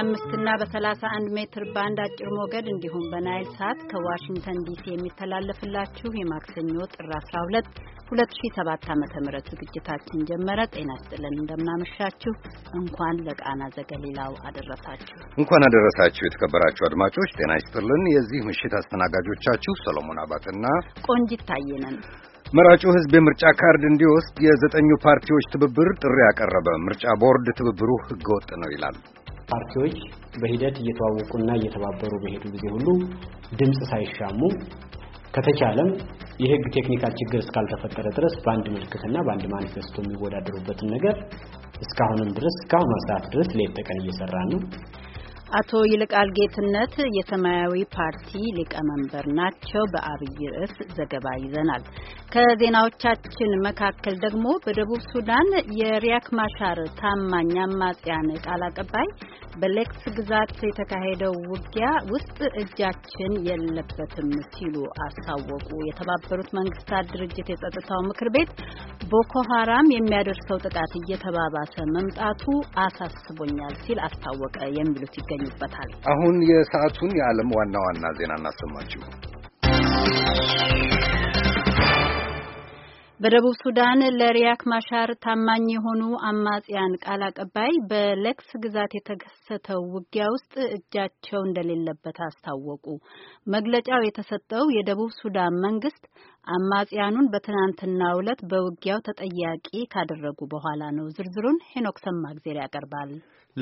በ25 እና በ31 ሜትር ባንድ አጭር ሞገድ እንዲሁም በናይል ሳት ከዋሽንግተን ዲሲ የሚተላለፍላችሁ የማክሰኞ ጥር 12 2007 ዓ.ም ዝግጅታችን ጀመረ። ጤና ይስጥልን፣ እንደምናመሻችሁ። እንኳን ለቃና ዘገሊላው አደረሳችሁ። እንኳን አደረሳችሁ። የተከበራችሁ አድማጮች ጤና ይስጥልን። የዚህ ምሽት አስተናጋጆቻችሁ ሰሎሞን አባትና ቆንጂት ታየነን። መራጩ ህዝብ የምርጫ ካርድ እንዲወስድ የዘጠኙ ፓርቲዎች ትብብር ጥሪ ያቀረበ፣ ምርጫ ቦርድ ትብብሩ ህገወጥ ነው ይላል። ፓርቲዎች በሂደት እየተዋወቁና እየተባበሩ በሄዱ ጊዜ ሁሉ ድምፅ ሳይሻሙ ከተቻለም የህግ ቴክኒካል ችግር እስካልተፈጠረ ድረስ በአንድ ምልክትና በአንድ ማኒፌስቶ የሚወዳደሩበትን ነገር እስካሁንም ድረስ እስካሁኑ ሰዓት ድረስ ሌት ተቀን እየሰራን ነው። አቶ ይልቃል ጌትነት የሰማያዊ ፓርቲ ሊቀመንበር ናቸው። በአብይ ርዕስ ዘገባ ይዘናል። ከዜናዎቻችን መካከል ደግሞ በደቡብ ሱዳን የሪያክ ማሻር ታማኝ አማጽያን ቃል አቀባይ በሌክስ ግዛት የተካሄደው ውጊያ ውስጥ እጃችን የለበትም ሲሉ አስታወቁ። የተባበሩት መንግስታት ድርጅት የጸጥታው ምክር ቤት ቦኮ ሀራም የሚያደርሰው ጥቃት እየተባባሰ መምጣቱ አሳስቦኛል ሲል አስታወቀ። የሚሉት ይገኛል ይገኙበታል። አሁን የሰዓቱን የዓለም ዋና ዋና ዜና እናሰማችሁ። በደቡብ ሱዳን ለሪያክ ማሻር ታማኝ የሆኑ አማጽያን ቃል አቀባይ በሌክስ ግዛት የተከሰተው ውጊያ ውስጥ እጃቸው እንደሌለበት አስታወቁ። መግለጫው የተሰጠው የደቡብ ሱዳን መንግስት አማጽያኑን በትናንትናው ዕለት በውጊያው ተጠያቂ ካደረጉ በኋላ ነው። ዝርዝሩን ሄኖክ ሰማግዜር ያቀርባል።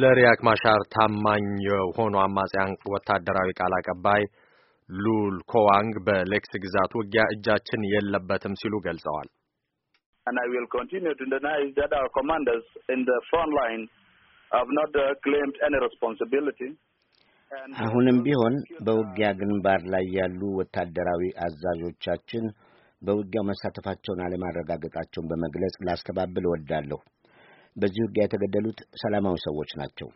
ለሪያክ ማሻር ታማኝ የሆኑ አማጽያን ወታደራዊ ቃል አቀባይ ሉል ኮዋንግ በሌክስ ግዛት ውጊያ እጃችን የለበትም ሲሉ ገልጸዋል። and I will continue to deny that our commanders in the front line have not uh, claimed any responsibility. Uh, አሁንም ቢሆን በውጊያ ግንባር ላይ ያሉ ወታደራዊ አዛዦቻችን በውጊያው መሳተፋቸውን አለማረጋገጣቸውን በመግለጽ ላስተባብል እወዳለሁ። በዚህ ውጊያ የተገደሉት ሰላማዊ ሰዎች ናቸው።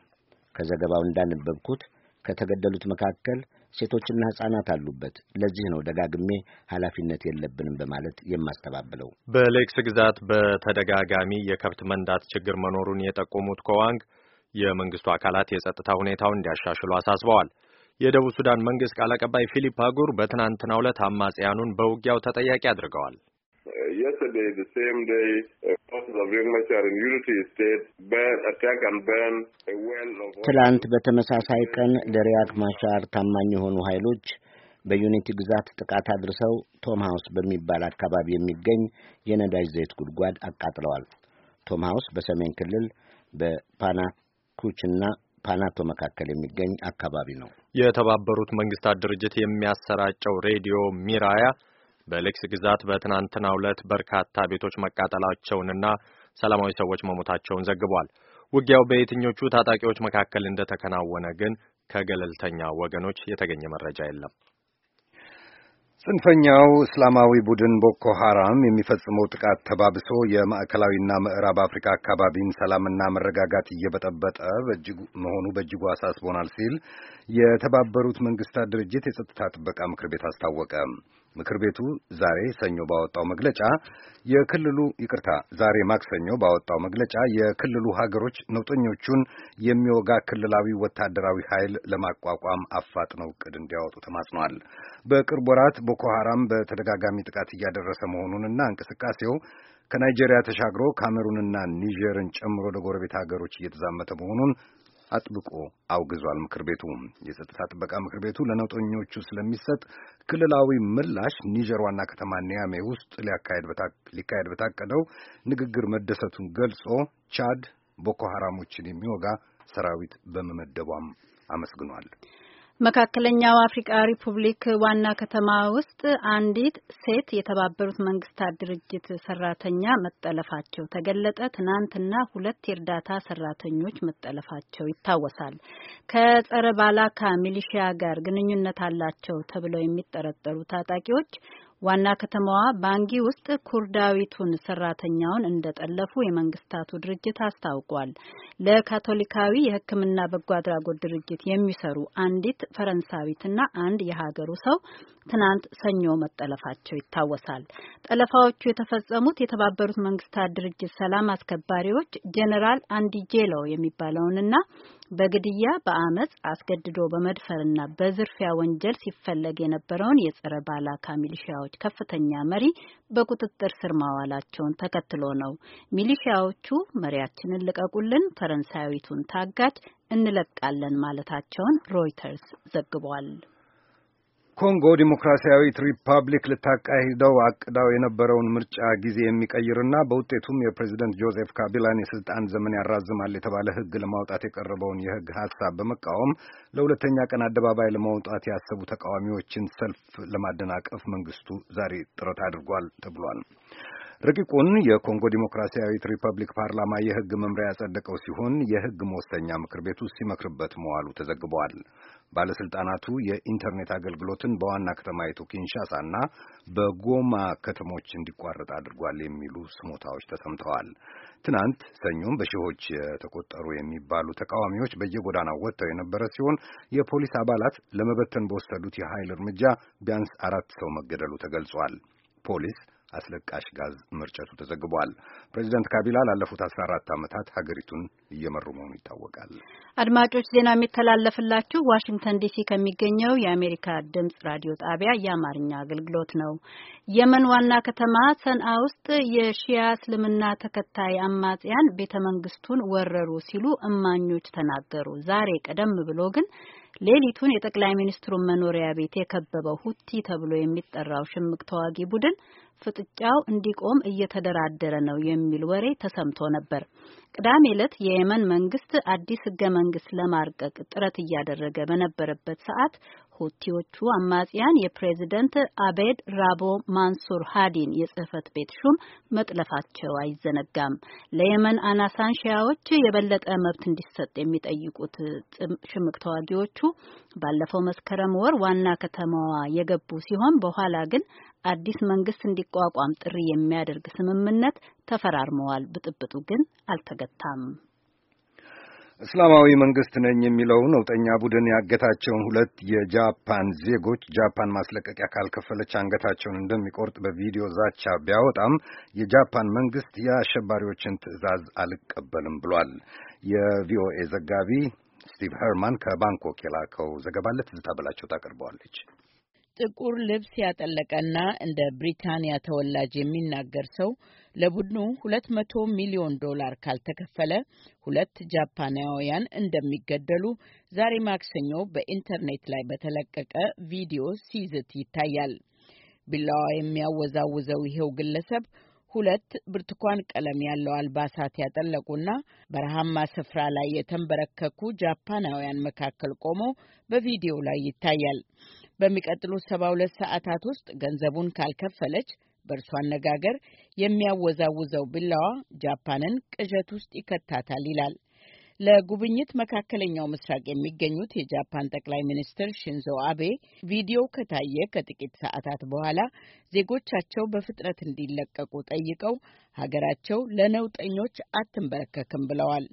ከዘገባው እንዳነበብኩት ከተገደሉት መካከል ሴቶችና ሕጻናት አሉበት። ለዚህ ነው ደጋግሜ ኃላፊነት የለብንም በማለት የማስተባብለው። በሌክስ ግዛት በተደጋጋሚ የከብት መንዳት ችግር መኖሩን የጠቆሙት ከዋንግ የመንግስቱ አካላት የጸጥታ ሁኔታውን እንዲያሻሽሉ አሳስበዋል። የደቡብ ሱዳን መንግስት ቃል አቀባይ ፊሊፕ አጉር በትናንትናው ዕለት አማጽያኑን በውጊያው ተጠያቂ አድርገዋል። yesterday, the same day, uh, forces of Ringmacher in Unity State burn, attack and burn a well of... ትላንት በተመሳሳይ ቀን ለሪያክ ማቻር ታማኝ የሆኑ ኃይሎች በዩኒቲ ግዛት ጥቃት አድርሰው ቶም ሃውስ በሚባል አካባቢ የሚገኝ የነዳጅ ዘይት ጉድጓድ አቃጥለዋል። ቶም ሃውስ በሰሜን ክልል በፓናኩችና ፓናቶ መካከል የሚገኝ አካባቢ ነው። የተባበሩት መንግስታት ድርጅት የሚያሰራጨው ሬዲዮ ሚራያ በሌክስ ግዛት በትናንትናው ዕለት በርካታ ቤቶች መቃጠላቸውንና ሰላማዊ ሰዎች መሞታቸውን ዘግቧል። ውጊያው በየትኞቹ ታጣቂዎች መካከል እንደተከናወነ ግን ከገለልተኛ ወገኖች የተገኘ መረጃ የለም። ጽንፈኛው እስላማዊ ቡድን ቦኮ ሐራም የሚፈጽመው ጥቃት ተባብሶ የማዕከላዊና ምዕራብ አፍሪካ አካባቢን ሰላምና መረጋጋት እየበጠበጠ መሆኑ በእጅጉ አሳስቦናል ሲል የተባበሩት መንግስታት ድርጅት የጸጥታ ጥበቃ ምክር ቤት አስታወቀ። ምክር ቤቱ ዛሬ ሰኞ ባወጣው መግለጫ የክልሉ ይቅርታ፣ ዛሬ ማክሰኞ ባወጣው መግለጫ የክልሉ ሀገሮች ነውጠኞቹን የሚወጋ ክልላዊ ወታደራዊ ኃይል ለማቋቋም አፋጥነው እቅድ እንዲያወጡ ተማጽኗል። በቅርብ ወራት ቦኮ ሐራም በተደጋጋሚ ጥቃት እያደረሰ መሆኑንና እንቅስቃሴው ከናይጄሪያ ተሻግሮ ካሜሩንና ኒጀርን ጨምሮ ለጎረቤት ሀገሮች እየተዛመተ መሆኑን አጥብቆ አውግዟል። ምክር ቤቱ የጸጥታ ጥበቃ ምክር ቤቱ ለነውጠኞቹ ስለሚሰጥ ክልላዊ ምላሽ ኒጀር ዋና ከተማ ኒያሜ ውስጥ ሊካሄድ በታቀደው ንግግር መደሰቱን ገልጾ ቻድ ቦኮ ሐራሞችን የሚወጋ ሰራዊት በመመደቧም አመስግኗል። መካከለኛው አፍሪካ ሪፑብሊክ ዋና ከተማ ውስጥ አንዲት ሴት የተባበሩት መንግስታት ድርጅት ሰራተኛ መጠለፋቸው ተገለጠ። ትናንትና ሁለት የእርዳታ ሰራተኞች መጠለፋቸው ይታወሳል። ከጸረ ባላካ ሚሊሺያ ጋር ግንኙነት አላቸው ተብለው የሚጠረጠሩ ታጣቂዎች ዋና ከተማዋ ባንጊ ውስጥ ኩርዳዊቱን ሰራተኛውን እንደጠለፉ የመንግስታቱ ድርጅት አስታውቋል። ለካቶሊካዊ የሕክምና በጎ አድራጎት ድርጅት የሚሰሩ አንዲት ፈረንሳዊትና አንድ የሀገሩ ሰው ትናንት ሰኞ መጠለፋቸው ይታወሳል። ጠለፋዎቹ የተፈጸሙት የተባበሩት መንግስታት ድርጅት ሰላም አስከባሪዎች ጄኔራል አንዲጄሎ የሚባለውንና በግድያ በአመፅ አስገድዶ በመድፈርና በዝርፊያ ወንጀል ሲፈለግ የነበረውን የጸረ ባላካ ሚሊሺያዎች ከፍተኛ መሪ በቁጥጥር ስር ማዋላቸውን ተከትሎ ነው። ሚሊሺያዎቹ መሪያችንን ልቀቁልን፣ ፈረንሳዊቱን ታጋጅ እንለቃለን ማለታቸውን ሮይተርስ ዘግቧል። ኮንጎ ዲሞክራሲያዊት ሪፐብሊክ ልታካሂደው አቅዳው የነበረውን ምርጫ ጊዜ የሚቀይርና በውጤቱም የፕሬዚደንት ጆዜፍ ካቢላን የስልጣን ዘመን ያራዝማል የተባለ ሕግ ለማውጣት የቀረበውን የሕግ ሀሳብ በመቃወም ለሁለተኛ ቀን አደባባይ ለማውጣት ያሰቡ ተቃዋሚዎችን ሰልፍ ለማደናቀፍ መንግስቱ ዛሬ ጥረት አድርጓል ተብሏል። ረቂቁን የኮንጎ ዲሞክራሲያዊት ሪፐብሊክ ፓርላማ የህግ መምሪያ ያጸደቀው ሲሆን የህግ መወሰኛ ምክር ቤቱ ሲመክርበት መዋሉ ተዘግበዋል። ባለሥልጣናቱ የኢንተርኔት አገልግሎትን በዋና ከተማይቱ እና በጎማ ከተሞች እንዲቋረጥ አድርጓል የሚሉ ስሞታዎች ተሰምተዋል። ትናንት ሰኞም በሺዎች የተቆጠሩ የሚባሉ ተቃዋሚዎች በየጎዳናው ወጥተው የነበረ ሲሆን የፖሊስ አባላት ለመበተን በወሰዱት የኃይል እርምጃ ቢያንስ አራት ሰው መገደሉ ተገልጿል። ፖሊስ አስለቃሽ ጋዝ መርጨቱ ተዘግቧል። ፕሬዚደንት ካቢላ ላለፉት 14 ዓመታት ሀገሪቱን እየመሩ መሆኑ ይታወቃል። አድማጮች ዜና የሚተላለፍላችሁ ዋሽንግተን ዲሲ ከሚገኘው የአሜሪካ ድምጽ ራዲዮ ጣቢያ የአማርኛ አገልግሎት ነው። የመን ዋና ከተማ ሰንአ ውስጥ የሺያ እስልምና ተከታይ አማጽያን ቤተ መንግስቱን ወረሩ ሲሉ እማኞች ተናገሩ። ዛሬ ቀደም ብሎ ግን ሌሊቱን የጠቅላይ ሚኒስትሩን መኖሪያ ቤት የከበበው ሁቲ ተብሎ የሚጠራው ሽምቅ ተዋጊ ቡድን ፍጥጫው እንዲቆም እየተደራደረ ነው የሚል ወሬ ተሰምቶ ነበር። ቅዳሜ ዕለት የየመን መንግስት አዲስ ህገ መንግስት ለማርቀቅ ጥረት እያደረገ በነበረበት ሰዓት ሁቲዎቹ አማጽያን የፕሬዝደንት አቤድ ራቦ ማንሱር ሃዲን የጽህፈት ቤት ሹም መጥለፋቸው አይዘነጋም። ለየመን አናሳን አንሻዎች የበለጠ መብት እንዲሰጥ የሚጠይቁት ሽምቅ ተዋጊዎቹ ባለፈው መስከረም ወር ዋና ከተማዋ የገቡ ሲሆን በኋላ ግን አዲስ መንግስት እንዲቋቋም ጥሪ የሚያደርግ ስምምነት ተፈራርመዋል። ብጥብጡ ግን አልተገታም። እስላማዊ መንግስት ነኝ የሚለው ነውጠኛ ቡድን ያገታቸውን ሁለት የጃፓን ዜጎች ጃፓን ማስለቀቂያ ካልከፈለች አንገታቸውን እንደሚቆርጥ በቪዲዮ ዛቻ ቢያወጣም የጃፓን መንግስት የአሸባሪዎችን ትዕዛዝ አልቀበልም ብሏል። የቪኦኤ ዘጋቢ ስቲቭ ሄርማን ከባንኮክ የላከው ዘገባ ለትዝታ በላቸው ታቀርበዋለች። ጥቁር ልብስ ያጠለቀና እንደ ብሪታንያ ተወላጅ የሚናገር ሰው ለቡድኑ 200 ሚሊዮን ዶላር ካልተከፈለ ሁለት ጃፓናውያን እንደሚገደሉ ዛሬ ማክሰኞ በኢንተርኔት ላይ በተለቀቀ ቪዲዮ ሲዝት ይታያል። ቢላዋ የሚያወዛውዘው ይሄው ግለሰብ ሁለት ብርቱካን ቀለም ያለው አልባሳት ያጠለቁና በረሃማ ስፍራ ላይ የተንበረከኩ ጃፓናውያን መካከል ቆሞ በቪዲዮው ላይ ይታያል። በሚቀጥሉት ሰባ ሁለት ሰዓታት ውስጥ ገንዘቡን ካልከፈለች በእርሷ አነጋገር የሚያወዛውዘው ቢላዋ ጃፓንን ቅዠት ውስጥ ይከታታል ይላል። ለጉብኝት መካከለኛው ምስራቅ የሚገኙት የጃፓን ጠቅላይ ሚኒስትር ሽንዞ አቤ ቪዲዮ ከታየ ከጥቂት ሰዓታት በኋላ ዜጎቻቸው በፍጥነት እንዲለቀቁ ጠይቀው ሀገራቸው ለነውጠኞች አትንበረከክም ብለዋል።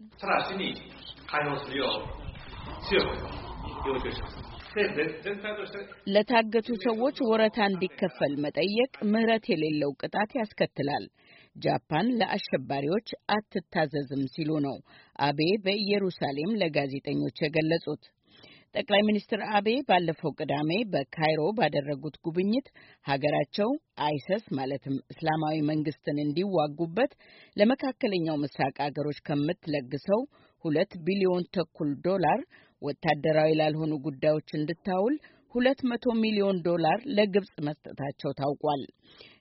ለታገቱ ሰዎች ወረታ እንዲከፈል መጠየቅ ምህረት የሌለው ቅጣት ያስከትላል። ጃፓን ለአሸባሪዎች አትታዘዝም ሲሉ ነው አቤ በኢየሩሳሌም ለጋዜጠኞች የገለጹት። ጠቅላይ ሚኒስትር አቤ ባለፈው ቅዳሜ በካይሮ ባደረጉት ጉብኝት ሀገራቸው አይሰስ ማለትም እስላማዊ መንግስትን እንዲዋጉበት ለመካከለኛው ምስራቅ አገሮች ከምትለግሰው ሁለት ቢሊዮን ተኩል ዶላር ወታደራዊ ላልሆኑ ጉዳዮች እንድታውል 200 ሚሊዮን ዶላር ለግብጽ መስጠታቸው ታውቋል።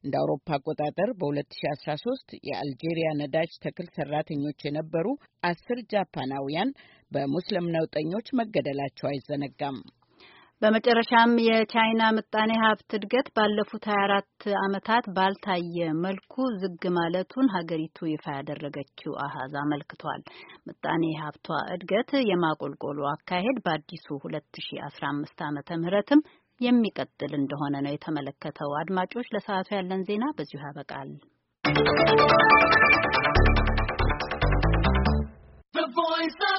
እንደ አውሮፓ አቆጣጠር በ2013 የአልጄሪያ ነዳጅ ተክል ሰራተኞች የነበሩ አስር ጃፓናውያን በሙስሊም ነውጠኞች መገደላቸው አይዘነጋም። በመጨረሻም የቻይና ምጣኔ ሀብት እድገት ባለፉት 24 ዓመታት ባልታየ መልኩ ዝግ ማለቱን ሀገሪቱ ይፋ ያደረገችው አሀዝ አመልክቷል። ምጣኔ ሀብቷ እድገት የማቆልቆሉ አካሄድ በአዲሱ 2015 ዓመተ ምህረትም የሚቀጥል እንደሆነ ነው የተመለከተው። አድማጮች፣ ለሰዓቱ ያለን ዜና በዚሁ ያበቃል። The voice of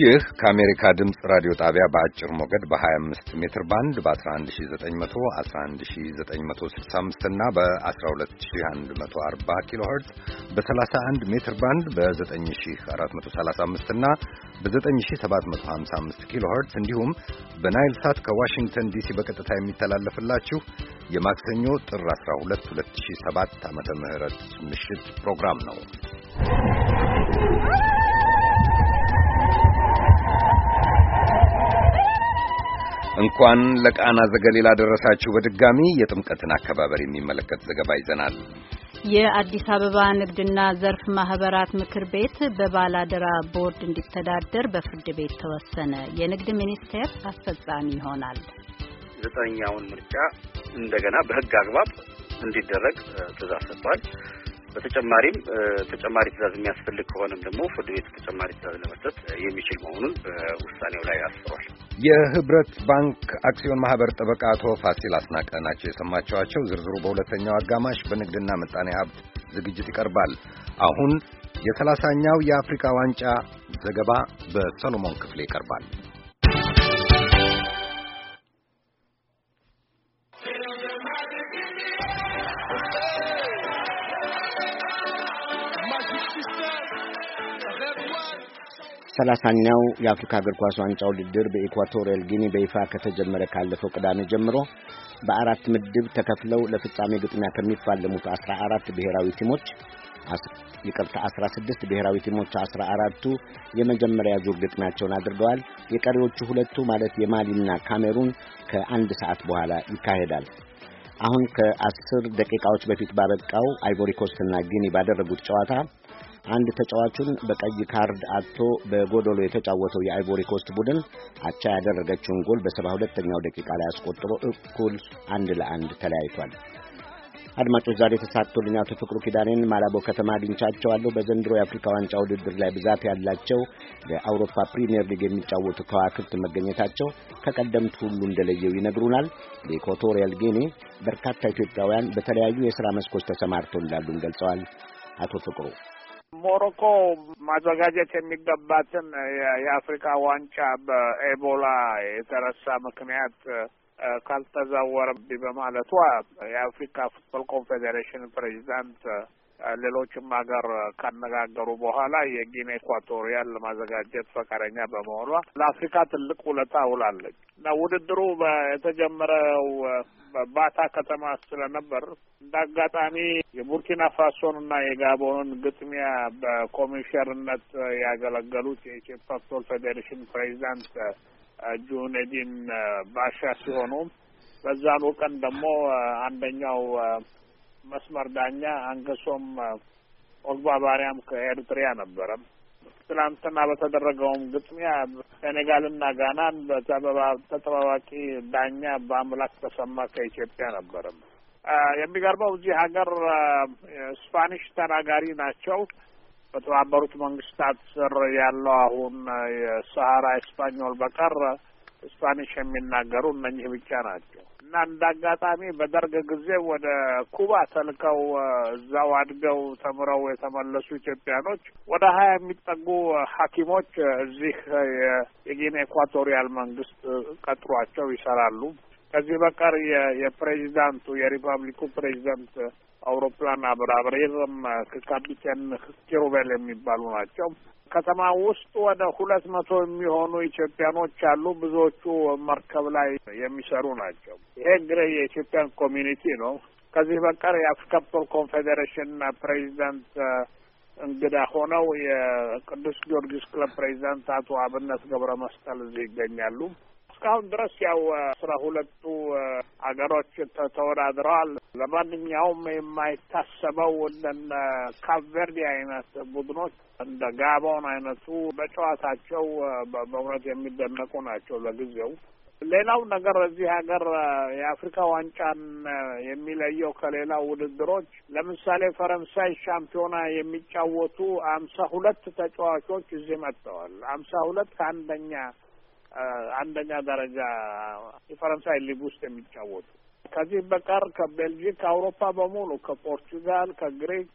ይህ ከአሜሪካ ድምፅ ራዲዮ ጣቢያ በአጭር ሞገድ በ25 ሜትር ባንድ በ11911965 እና በ12140 ኪሎ ሄርዝ በ31 ሜትር ባንድ በ9435 እና በ9755 ኪሎ ሄርዝ እንዲሁም በናይል ሳት ከዋሽንግተን ዲሲ በቀጥታ የሚተላለፍላችሁ የማክሰኞ ጥር 12 2007 ዓመተ ምህረት ምሽት ፕሮግራም ነው። እንኳን ለቃና ዘገሊላ ደረሳችሁ። በድጋሚ የጥምቀትን አከባበር የሚመለከት ዘገባ ይዘናል። የአዲስ አበባ ንግድና ዘርፍ ማህበራት ምክር ቤት በባላደራ ቦርድ እንዲተዳደር በፍርድ ቤት ተወሰነ። የንግድ ሚኒስቴር አስፈጻሚ ይሆናል። ዘጠነኛውን ምርጫ እንደገና በህግ አግባብ እንዲደረግ ትእዛዝ ሰጥቷል። በተጨማሪም ተጨማሪ ትዛዝ የሚያስፈልግ ከሆነም ደግሞ ፍርድ ቤት ተጨማሪ ትዕዛዝ ለመስጠት የሚችል መሆኑን በውሳኔው ላይ አስፍሯል። የህብረት ባንክ አክሲዮን ማህበር ጠበቃ አቶ ፋሲል አስናቀ ናቸው የሰማችኋቸው። ዝርዝሩ በሁለተኛው አጋማሽ በንግድና ምጣኔ ሀብት ዝግጅት ይቀርባል። አሁን የሰላሳኛው የአፍሪካ ዋንጫ ዘገባ በሰሎሞን ክፍሌ ይቀርባል። ሰላሳኛው የአፍሪካ እግር ኳስ ዋንጫ ውድድር በኢኳቶሪያል ጊኒ በይፋ ከተጀመረ ካለፈው ቅዳሜ ጀምሮ በአራት ምድብ ተከፍለው ለፍጻሜ ግጥሚያ ከሚፋለሙት 14 ብሔራዊ ቲሞች ይቅርታ 16 ብሔራዊ ቲሞች 14ቱ የመጀመሪያ ዙር ግጥሚያቸውን አድርገዋል። የቀሪዎቹ ሁለቱ ማለት የማሊና ካሜሩን ከአንድ ሰዓት በኋላ ይካሄዳል። አሁን ከአስር ደቂቃዎች በፊት ባበቃው አይቮሪኮስትና ጊኒ ባደረጉት ጨዋታ አንድ ተጫዋቹን በቀይ ካርድ አጥቶ በጎዶሎ የተጫወተው የአይቮሪ ኮስት ቡድን አቻ ያደረገችውን ጎል በሰባ ሁለተኛው ደቂቃ ላይ አስቆጥሮ እኩል አንድ ለአንድ ተለያይቷል። አድማጮች ዛሬ ተሳትቶልኝ አቶ ፍቅሩ ኪዳኔን ማላቦ ከተማ አግኝቻቸዋለሁ። በዘንድሮ የአፍሪካ ዋንጫ ውድድር ላይ ብዛት ያላቸው በአውሮፓ ፕሪሚየር ሊግ የሚጫወቱ ከዋክብት መገኘታቸው ከቀደምት ሁሉ እንደለየው ይነግሩናል። በኢኳቶሪያል ጊኒ በርካታ ኢትዮጵያውያን በተለያዩ የሥራ መስኮች ተሰማርተው እንዳሉን ገልጸዋል። አቶ ፍቅሩ ሞሮኮ ማዘጋጀት የሚገባትን የአፍሪካ ዋንጫ በኤቦላ የተረሳ ምክንያት ካልተዛወረ በማለቷ የአፍሪካ ፉትቦል ኮንፌዴሬሽን ፕሬዚዳንት ሌሎችም ሀገር ካነጋገሩ በኋላ የጊኒ ኢኳቶሪያል ለማዘጋጀት ፈቃደኛ በመሆኗ ለአፍሪካ ትልቅ ውለታ ውላለች እና ውድድሩ የተጀመረው በባታ ከተማ ስለነበር እንደ አጋጣሚ የቡርኪና ፋሶንና የጋቦንን ግጥሚያ በኮሚሽነርነት ያገለገሉት የኢትዮጵያ ፉትቦል ፌዴሬሽን ፕሬዚዳንት ጁኔዲን ባሻ ሲሆኑ በዛን ቀን ደግሞ አንደኛው መስመር ዳኛ አንገሶም ኦግባ ባሪያም ከኤርትሪያ ነበረም። ትናንትና በተደረገውም ግጥሚያ ሴኔጋልና ጋናን ተጠባባቂ ዳኛ በአምላክ ተሰማ ከኢትዮጵያ ነበረም። የሚገርመው እዚህ ሀገር ስፓኒሽ ተናጋሪ ናቸው። በተባበሩት መንግስታት ስር ያለው አሁን የሰሀራ ስፓኞል በቀር ስፓኒሽ የሚናገሩ እነኚህ ብቻ ናቸው። እና እንደ አጋጣሚ በደርግ ጊዜ ወደ ኩባ ተልከው እዛው አድገው ተምረው የተመለሱ ኢትዮጵያኖች ወደ ሀያ የሚጠጉ ሐኪሞች እዚህ የጊኔ ኢኳቶሪያል መንግስት ቀጥሯቸው ይሰራሉ። ከዚህ በቀር የፕሬዚዳንቱ የሪፐብሊኩ ፕሬዚዳንት አውሮፕላን አብራብሬርም ከካፒቴን ኪሩቤል የሚባሉ ናቸው። ከተማ ውስጥ ወደ ሁለት መቶ የሚሆኑ ኢትዮጵያኖች አሉ። ብዙዎቹ መርከብ ላይ የሚሰሩ ናቸው። ይሄ እንግዲህ የኢትዮጵያን ኮሚኒቲ ነው። ከዚህ በቀር የአፍሪካ ኮንፌዴሬሽን ፕሬዚዳንት እንግዳ ሆነው የቅዱስ ጊዮርጊስ ክለብ ፕሬዚዳንት አቶ አብነት ገብረ መስቀል እዚህ ይገኛሉ። እስካሁን ድረስ ያው አስራ ሁለቱ አገሮች ተወዳድረዋል። ለማንኛውም የማይታሰበው እንደ ካቨርዲ አይነት ቡድኖች እንደ ጋቦን አይነቱ በጨዋታቸው በእውነት የሚደነቁ ናቸው ለጊዜው። ሌላው ነገር እዚህ ሀገር የአፍሪካ ዋንጫን የሚለየው ከሌላው ውድድሮች ለምሳሌ ፈረንሳይ ሻምፒዮና የሚጫወቱ አምሳ ሁለት ተጫዋቾች እዚህ መጥተዋል። አምሳ ሁለት ከአንደኛ አንደኛ ደረጃ የፈረንሳይ ሊግ ውስጥ የሚጫወቱ ከዚህ በቀር ከቤልጂክ ከአውሮፓ በሙሉ ከፖርቹጋል፣ ከግሪክ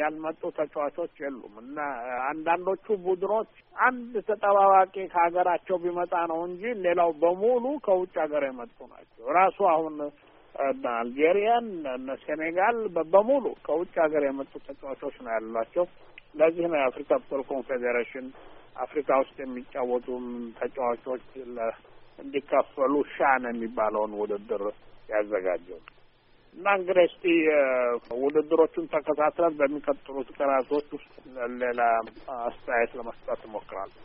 ያልመጡ ተጫዋቾች የሉም እና አንዳንዶቹ ቡድኖች አንድ ተጠባባቂ ከሀገራቸው ቢመጣ ነው እንጂ ሌላው በሙሉ ከውጭ ሀገር የመጡ ናቸው። ራሱ አሁን እነ አልጄሪያን እነ ሴኔጋል በሙሉ ከውጭ ሀገር የመጡ ተጫዋቾች ነው ያሏቸው። ለዚህ ነው የአፍሪካ ፉትቦል ኮንፌዴሬሽን አፍሪካ ውስጥ የሚጫወቱም ተጫዋቾች እንዲካፈሉ ሻን የሚባለውን ውድድር ያዘጋጀው እና እንግዲህ እስቲ ውድድሮቹን ተከታትለን በሚቀጥሉት ቀናቶች ውስጥ ሌላ አስተያየት ለመስጠት እሞክራለሁ።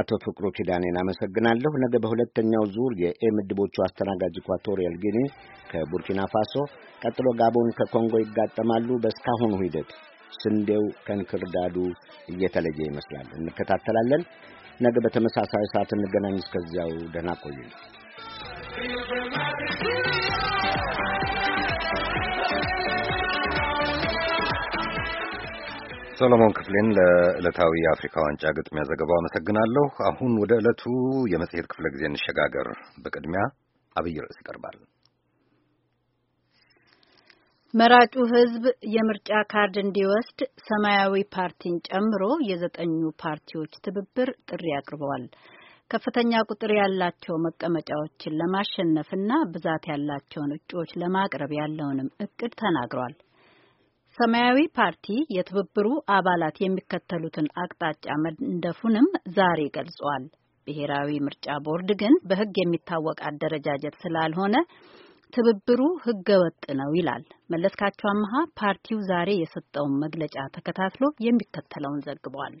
አቶ ፍቅሩ ኪዳኔን አመሰግናለሁ። ነገ በሁለተኛው ዙር የኤ ምድቦቹ አስተናጋጅ ኢኳቶሪያል ጊኒ ከቡርኪና ፋሶ፣ ቀጥሎ ጋቦን ከኮንጎ ይጋጠማሉ። በእስካሁኑ ሂደት ስንዴው ከእንክርዳዱ እየተለየ ይመስላል። እንከታተላለን። ነገ በተመሳሳይ ሰዓት እንገናኝ። እስከዚያው ደህና ቆዩኝ። ሰሎሞን ክፍሌን ለዕለታዊ የአፍሪካ ዋንጫ ግጥሚያ ዘገባው አመሰግናለሁ። አሁን ወደ ዕለቱ የመጽሔት ክፍለ ጊዜ እንሸጋገር። በቅድሚያ አብይ ርዕስ ይቀርባል። መራጩ ሕዝብ የምርጫ ካርድ እንዲወስድ ሰማያዊ ፓርቲን ጨምሮ የዘጠኙ ፓርቲዎች ትብብር ጥሪ አቅርበዋል። ከፍተኛ ቁጥር ያላቸው መቀመጫዎችን ለማሸነፍና ብዛት ያላቸውን እጩዎች ለማቅረብ ያለውንም እቅድ ተናግሯል። ሰማያዊ ፓርቲ የትብብሩ አባላት የሚከተሉትን አቅጣጫ መንደፉንም ዛሬ ገልጿል። ብሔራዊ ምርጫ ቦርድ ግን በሕግ የሚታወቅ አደረጃጀት ስላልሆነ ትብብሩ ህገወጥ ነው ይላል። መለስካቸው አመሀ ፓርቲው ዛሬ የሰጠውን መግለጫ ተከታትሎ የሚከተለውን ዘግቧል።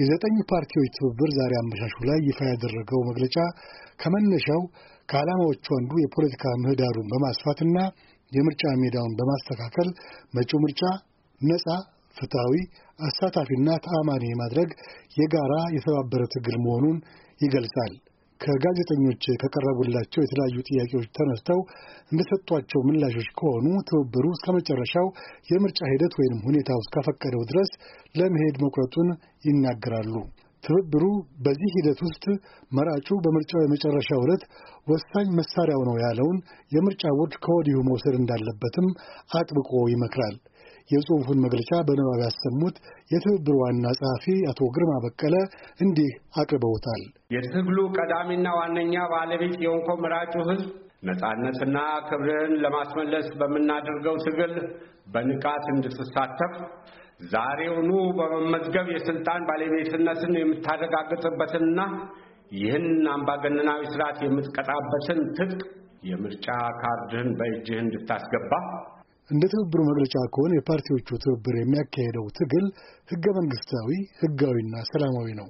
የዘጠኙ ፓርቲዎች ትብብር ዛሬ አመሻሹ ላይ ይፋ ያደረገው መግለጫ ከመነሻው ከዓላማዎቹ አንዱ የፖለቲካ ምህዳሩን በማስፋትና የምርጫ ሜዳውን በማስተካከል መጪው ምርጫ ነፃ፣ ፍትሐዊ፣ አሳታፊና ተአማኒ ማድረግ የጋራ የተባበረ ትግል መሆኑን ይገልጻል። ከጋዜጠኞች ከቀረቡላቸው የተለያዩ ጥያቄዎች ተነስተው እንደሰጧቸው ምላሾች ከሆኑ ትብብሩ እስከ መጨረሻው የምርጫ ሂደት ወይም ሁኔታው እስከፈቀደው ድረስ ለመሄድ መቁረጡን ይናገራሉ። ትብብሩ በዚህ ሂደት ውስጥ መራጩ በምርጫው የመጨረሻ ዕለት ወሳኝ መሳሪያው ነው ያለውን የምርጫ ቦርድ ከወዲሁ መውሰድ እንዳለበትም አጥብቆ ይመክራል። የጽሑፉን መግለጫ በንባብ ያሰሙት የትብብር ዋና ጸሐፊ አቶ ግርማ በቀለ እንዲህ አቅርበውታል። የትግሉ ቀዳሚና ዋነኛ ባለቤት የሆንኮ መራጩ ህዝብ ነጻነትና ክብርን ለማስመለስ በምናደርገው ትግል በንቃት እንድትሳተፍ ዛሬውኑ በመመዝገብ የስልጣን ባለቤትነትን የምታረጋግጥበትንና ይህን አምባገነናዊ ስርዓት የምትቀጣበትን ትጥቅ የምርጫ ካርድህን በእጅህ እንድታስገባ እንደ ትብብሩ መግለጫ ከሆነ የፓርቲዎቹ ትብብር የሚያካሄደው ትግል ህገ መንግስታዊ፣ ህጋዊና ሰላማዊ ነው።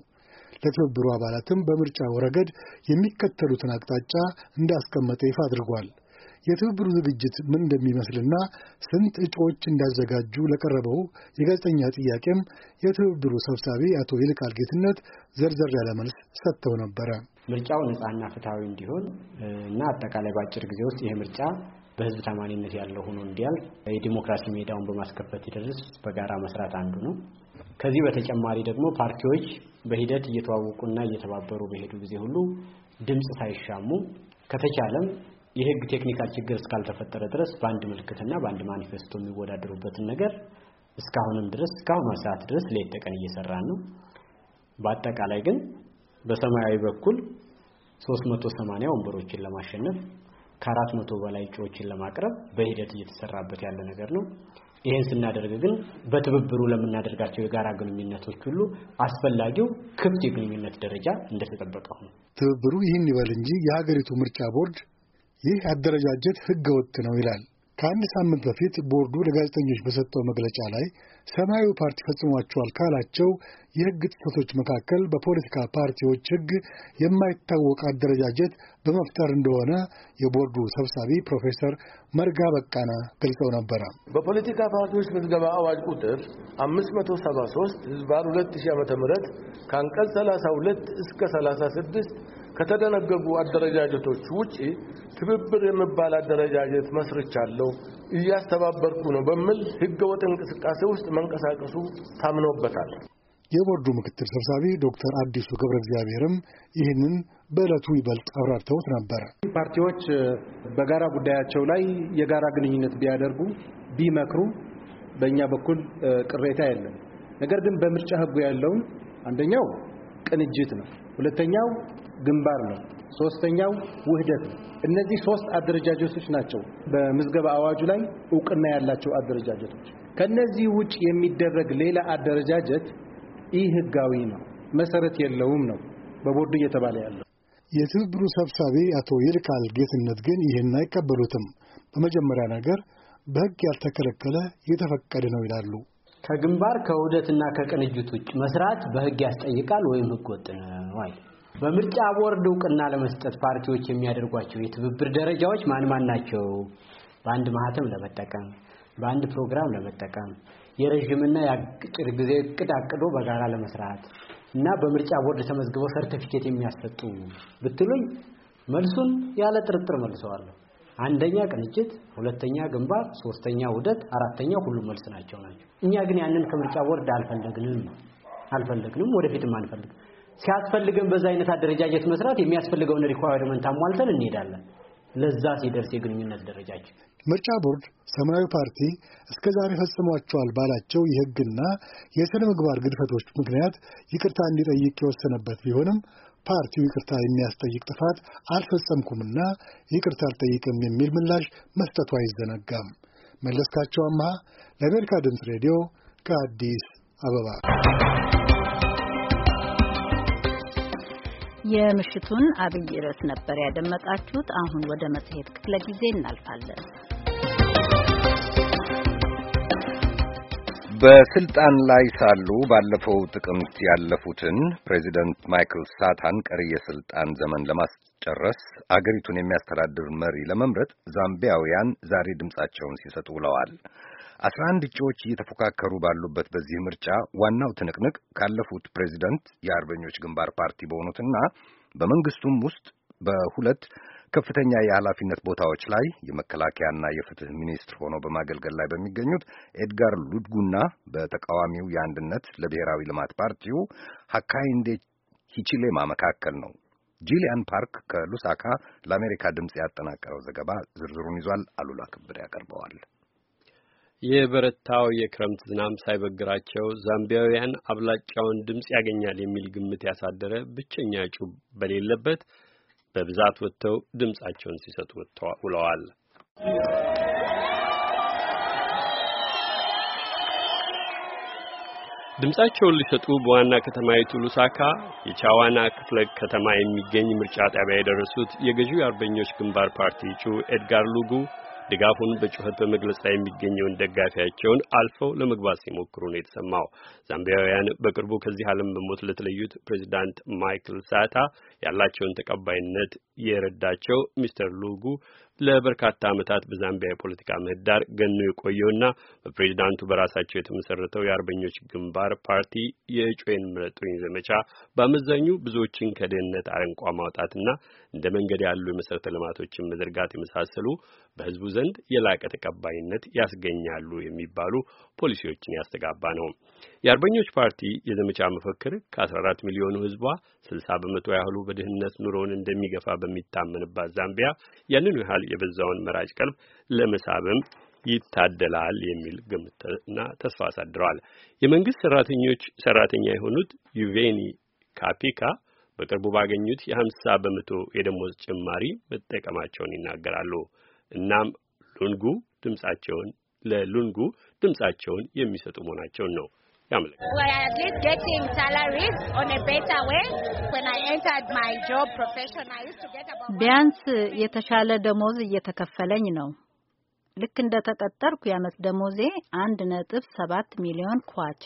ለትብብሩ አባላትም በምርጫው ረገድ የሚከተሉትን አቅጣጫ እንዳስቀመጠ ይፋ አድርጓል። የትብብሩ ዝግጅት ምን እንደሚመስልና ስንት እጩዎች እንዳዘጋጁ ለቀረበው የጋዜጠኛ ጥያቄም የትብብሩ ሰብሳቢ አቶ ይልቃል ጌትነት ዘርዘር ያለ መልስ ሰጥተው ነበረ። ምርጫው ነፃና ፍትሐዊ እንዲሆን እና አጠቃላይ በአጭር ጊዜ ውስጥ ይህ ምርጫ በህዝብ ታማኒነት ያለው ሆኖ እንዲያልፍ የዲሞክራሲ ሜዳውን በማስከፈት ይደርስ በጋራ መስራት አንዱ ነው። ከዚህ በተጨማሪ ደግሞ ፓርቲዎች በሂደት እየተዋወቁና እየተባበሩ በሄዱ ጊዜ ሁሉ ድምፅ ሳይሻሙ ከተቻለም የህግ ቴክኒካል ችግር እስካልተፈጠረ ድረስ በአንድ ምልክትና በአንድ ማኒፌስቶ የሚወዳደሩበትን ነገር እስካሁንም ድረስ እስካሁኗ ሰዓት ድረስ ሌት ተቀን እየሰራን ነው። በአጠቃላይ ግን በሰማያዊ በኩል 380 ወንበሮችን ለማሸነፍ ከአራት መቶ በላይ እጩዎችን ለማቅረብ በሂደት እየተሰራበት ያለ ነገር ነው። ይህን ስናደርግ ግን በትብብሩ ለምናደርጋቸው የጋራ ግንኙነቶች ሁሉ አስፈላጊው ክፍት የግንኙነት ደረጃ እንደተጠበቀ ነው። ትብብሩ ይህን ይበል እንጂ የሀገሪቱ ምርጫ ቦርድ ይህ አደረጃጀት ሕገ ወጥ ነው ይላል። ከአንድ ሳምንት በፊት ቦርዱ ለጋዜጠኞች በሰጠው መግለጫ ላይ ሰማያዊ ፓርቲ ፈጽሟቸዋል ካላቸው የህግ ጥሰቶች መካከል በፖለቲካ ፓርቲዎች ህግ የማይታወቅ አደረጃጀት በመፍጠር እንደሆነ የቦርዱ ሰብሳቢ ፕሮፌሰር መርጋ በቃና ገልጸው ነበረ። በፖለቲካ ፓርቲዎች ምዝገባ አዋጅ ቁጥር 573 ህዝባር 2000 ዓ ም ከአንቀጽ 32 እስከ 36 ከተደነገጉ አደረጃጀቶች ውጪ ትብብር የሚባል አደረጃጀት መስርቻለሁ፣ እያስተባበርኩ ነው በሚል ህገወጥ እንቅስቃሴ ውስጥ መንቀሳቀሱ ታምኖበታል። የቦርዱ ምክትል ሰብሳቢ ዶክተር አዲሱ ገብረ እግዚአብሔርም ይህንን በዕለቱ ይበልጥ አብራርተውት ነበር። ፓርቲዎች በጋራ ጉዳያቸው ላይ የጋራ ግንኙነት ቢያደርጉ ቢመክሩ፣ በእኛ በኩል ቅሬታ የለም። ነገር ግን በምርጫ ህጉ ያለውን አንደኛው ቅንጅት ነው። ሁለተኛው ግንባር ነው። ሶስተኛው ውህደት ነው። እነዚህ ሶስት አደረጃጀቶች ናቸው በምዝገባ አዋጁ ላይ እውቅና ያላቸው አደረጃጀቶች። ከነዚህ ውጭ የሚደረግ ሌላ አደረጃጀት ይህ ህጋዊ ነው፣ መሰረት የለውም ነው በቦርዱ እየተባለ ያለው። የትብብሩ ሰብሳቢ አቶ ይልቃል ጌትነት ግን ይህን አይቀበሉትም። በመጀመሪያ ነገር በህግ ያልተከለከለ የተፈቀደ ነው ይላሉ። ከግንባር ከውህደትና ከቅንጅት ውጭ መስራት በህግ ያስጠይቃል ወይም ህግ ወጥ ነው በምርጫ ቦርድ እውቅና ለመስጠት ፓርቲዎች የሚያደርጓቸው የትብብር ደረጃዎች ማን ማን ናቸው? በአንድ ማህተም ለመጠቀም በአንድ ፕሮግራም ለመጠቀም የረዥምና የአጭር ጊዜ እቅድ አቅዶ በጋራ ለመስራት እና በምርጫ ቦርድ ተመዝግበው ሰርቲፊኬት የሚያሰጡ ብትሉኝ መልሱን ያለ ጥርጥር መልሰዋለሁ። አንደኛ ቅንጅት፣ ሁለተኛ ግንባር፣ ሶስተኛ ውህደት፣ አራተኛ ሁሉም መልስ ናቸው ናቸው። እኛ ግን ያንን ከምርጫ ቦርድ አልፈለግንም አልፈለግንም፣ ወደፊትም አንፈልግ። ሲያስፈልገን በዛ አይነት አደረጃጀት መስራት የሚያስፈልገውን ሪኳየርመንት አሟልተን እንሄዳለን። ለዛ ሲደርስ የግንኙነት ደረጃችን ምርጫ ቦርድ ሰማያዊ ፓርቲ እስከ ዛሬ ፈጽሟቸዋል ባላቸው የሕግና የሥነ ምግባር ግድፈቶች ምክንያት ይቅርታ እንዲጠይቅ የወሰነበት ቢሆንም ፓርቲው ይቅርታ የሚያስጠይቅ ጥፋት አልፈጸምኩምና ይቅርታ አልጠይቅም የሚል ምላሽ መስጠቱ አይዘነጋም። መለስካቸው አምሃ ለአሜሪካ ድምፅ ሬዲዮ ከአዲስ አበባ የምሽቱን አብይ ርዕስ ነበር ያደመጣችሁት። አሁን ወደ መጽሔት ክፍለ ጊዜ እናልፋለን። በስልጣን ላይ ሳሉ ባለፈው ጥቅምት ያለፉትን ፕሬዚደንት ማይክል ሳታን ቀሪ የስልጣን ዘመን ለማስጨረስ አገሪቱን የሚያስተዳድር መሪ ለመምረጥ ዛምቢያውያን ዛሬ ድምፃቸውን ሲሰጡ ውለዋል። አስራ አንድ እጩዎች እየተፎካከሩ ባሉበት በዚህ ምርጫ ዋናው ትንቅንቅ ካለፉት ፕሬዚደንት የአርበኞች ግንባር ፓርቲ በሆኑትና በመንግስቱም ውስጥ በሁለት ከፍተኛ የኃላፊነት ቦታዎች ላይ የመከላከያና የፍትህ ሚኒስትር ሆነው በማገልገል ላይ በሚገኙት ኤድጋር ሉድጉና በተቃዋሚው የአንድነት ለብሔራዊ ልማት ፓርቲው ሀካይንዴ ሂቺሌማ መካከል ነው። ጂሊያን ፓርክ ከሉሳካ ለአሜሪካ ድምፅ ያጠናቀረው ዘገባ ዝርዝሩን ይዟል። አሉላ ክብር ያቀርበዋል። የበረታው የክረምት ዝናብ ሳይበግራቸው ዛምቢያውያን አብላጫውን ድምፅ ያገኛል የሚል ግምት ያሳደረ ብቸኛ እጩ በሌለበት በብዛት ወጥተው ድምጻቸውን ሲሰጡ ውለዋል። ድምጻቸውን ሊሰጡ በዋና ከተማይቱ ሉሳካ የቻዋና ክፍለ ከተማ የሚገኝ ምርጫ ጣቢያ የደረሱት የገዢው አርበኞች ግንባር ፓርቲ እጩ ኤድጋር ሉጉ ድጋፉን በጩኸት በመግለጽ ላይ የሚገኘውን ደጋፊያቸውን አልፈው ለመግባት ሲሞክሩ ነው የተሰማው። ዛምቢያውያን በቅርቡ ከዚህ ዓለም በሞት ለተለዩት ፕሬዚዳንት ማይክል ሳታ ያላቸውን ተቀባይነት የረዳቸው ሚስተር ሉጉ ለበርካታ ዓመታት በዛምቢያ የፖለቲካ ምህዳር ገኖ የቆየውና በፕሬዚዳንቱ በራሳቸው የተመሰረተው የአርበኞች ግንባር ፓርቲ የእጩን ምረጡኝ ዘመቻ በአመዛኙ ብዙዎችን ከድህነት አረንቋ ማውጣትና እንደ መንገድ ያሉ የመሠረተ ልማቶችን መዘርጋት የመሳሰሉ በህዝቡ ዘንድ የላቀ ተቀባይነት ያስገኛሉ የሚባሉ ፖሊሲዎችን ያስተጋባ ነው። የአርበኞች ፓርቲ የዘመቻ መፈክር ከ14 ሚሊዮኑ ህዝቧ 60 በመቶ ያህሉ በድህነት ኑሮውን እንደሚገፋ በሚታመንባት ዛምቢያ ያንኑ ያህል የበዛውን መራጭ ቀልብ ለመሳብም ይታደላል የሚል ግምትና ተስፋ አሳድረዋል። የመንግስት ሰራተኞች ሰራተኛ የሆኑት ዩቬኒ ካፒካ በቅርቡ ባገኙት የ50 በመቶ የደሞዝ ጭማሪ መጠቀማቸውን ይናገራሉ። እናም ሉንጉ ድምጻቸውን ለሉንጉ ድምጻቸውን የሚሰጡ መሆናቸውን ነው ቢያንስ የተሻለ ደሞዝ እየተከፈለኝ ነው። ልክ እንደ ተቀጠርኩ የአመት ደሞዜ አንድ ነጥብ ሰባት ሚሊዮን ኳቻ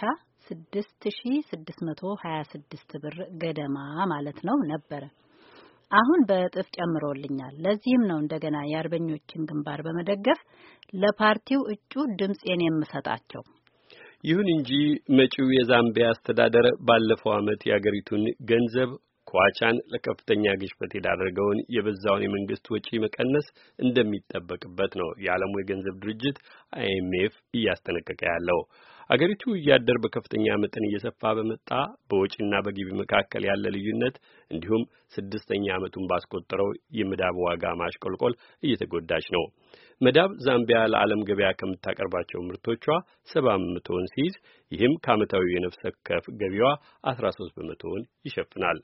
ስድስት ሺ ስድስት መቶ ሀያ ስድስት ብር ገደማ ማለት ነው ነበረ። አሁን በእጥፍ ጨምሮልኛል። ለዚህም ነው እንደገና የአርበኞችን ግንባር በመደገፍ ለፓርቲው እጩ ድምፄን የምሰጣቸው። ይሁን እንጂ መጪው የዛምቢያ አስተዳደር ባለፈው ዓመት የአገሪቱን ገንዘብ ኳቻን ለከፍተኛ ግሽበት የዳረገውን የበዛውን የመንግስት ወጪ መቀነስ እንደሚጠበቅበት ነው የዓለሙ የገንዘብ ድርጅት አይኤምኤፍ እያስጠነቀቀ ያለው። አገሪቱ እያደር በከፍተኛ መጠን እየሰፋ በመጣ በወጪና በገቢ መካከል ያለ ልዩነት እንዲሁም ስድስተኛ ዓመቱን ባስቆጠረው የመዳብ ዋጋ ማሽቆልቆል እየተጎዳች ነው። መዳብ ዛምቢያ ለዓለም ገበያ ከምታቀርባቸው ምርቶቿ ሰባ በመቶውን ሲይዝ ይህም ከዓመታዊ የነፍሰ ወከፍ ገቢዋ አስራ ሶስት በመቶውን ይሸፍናል።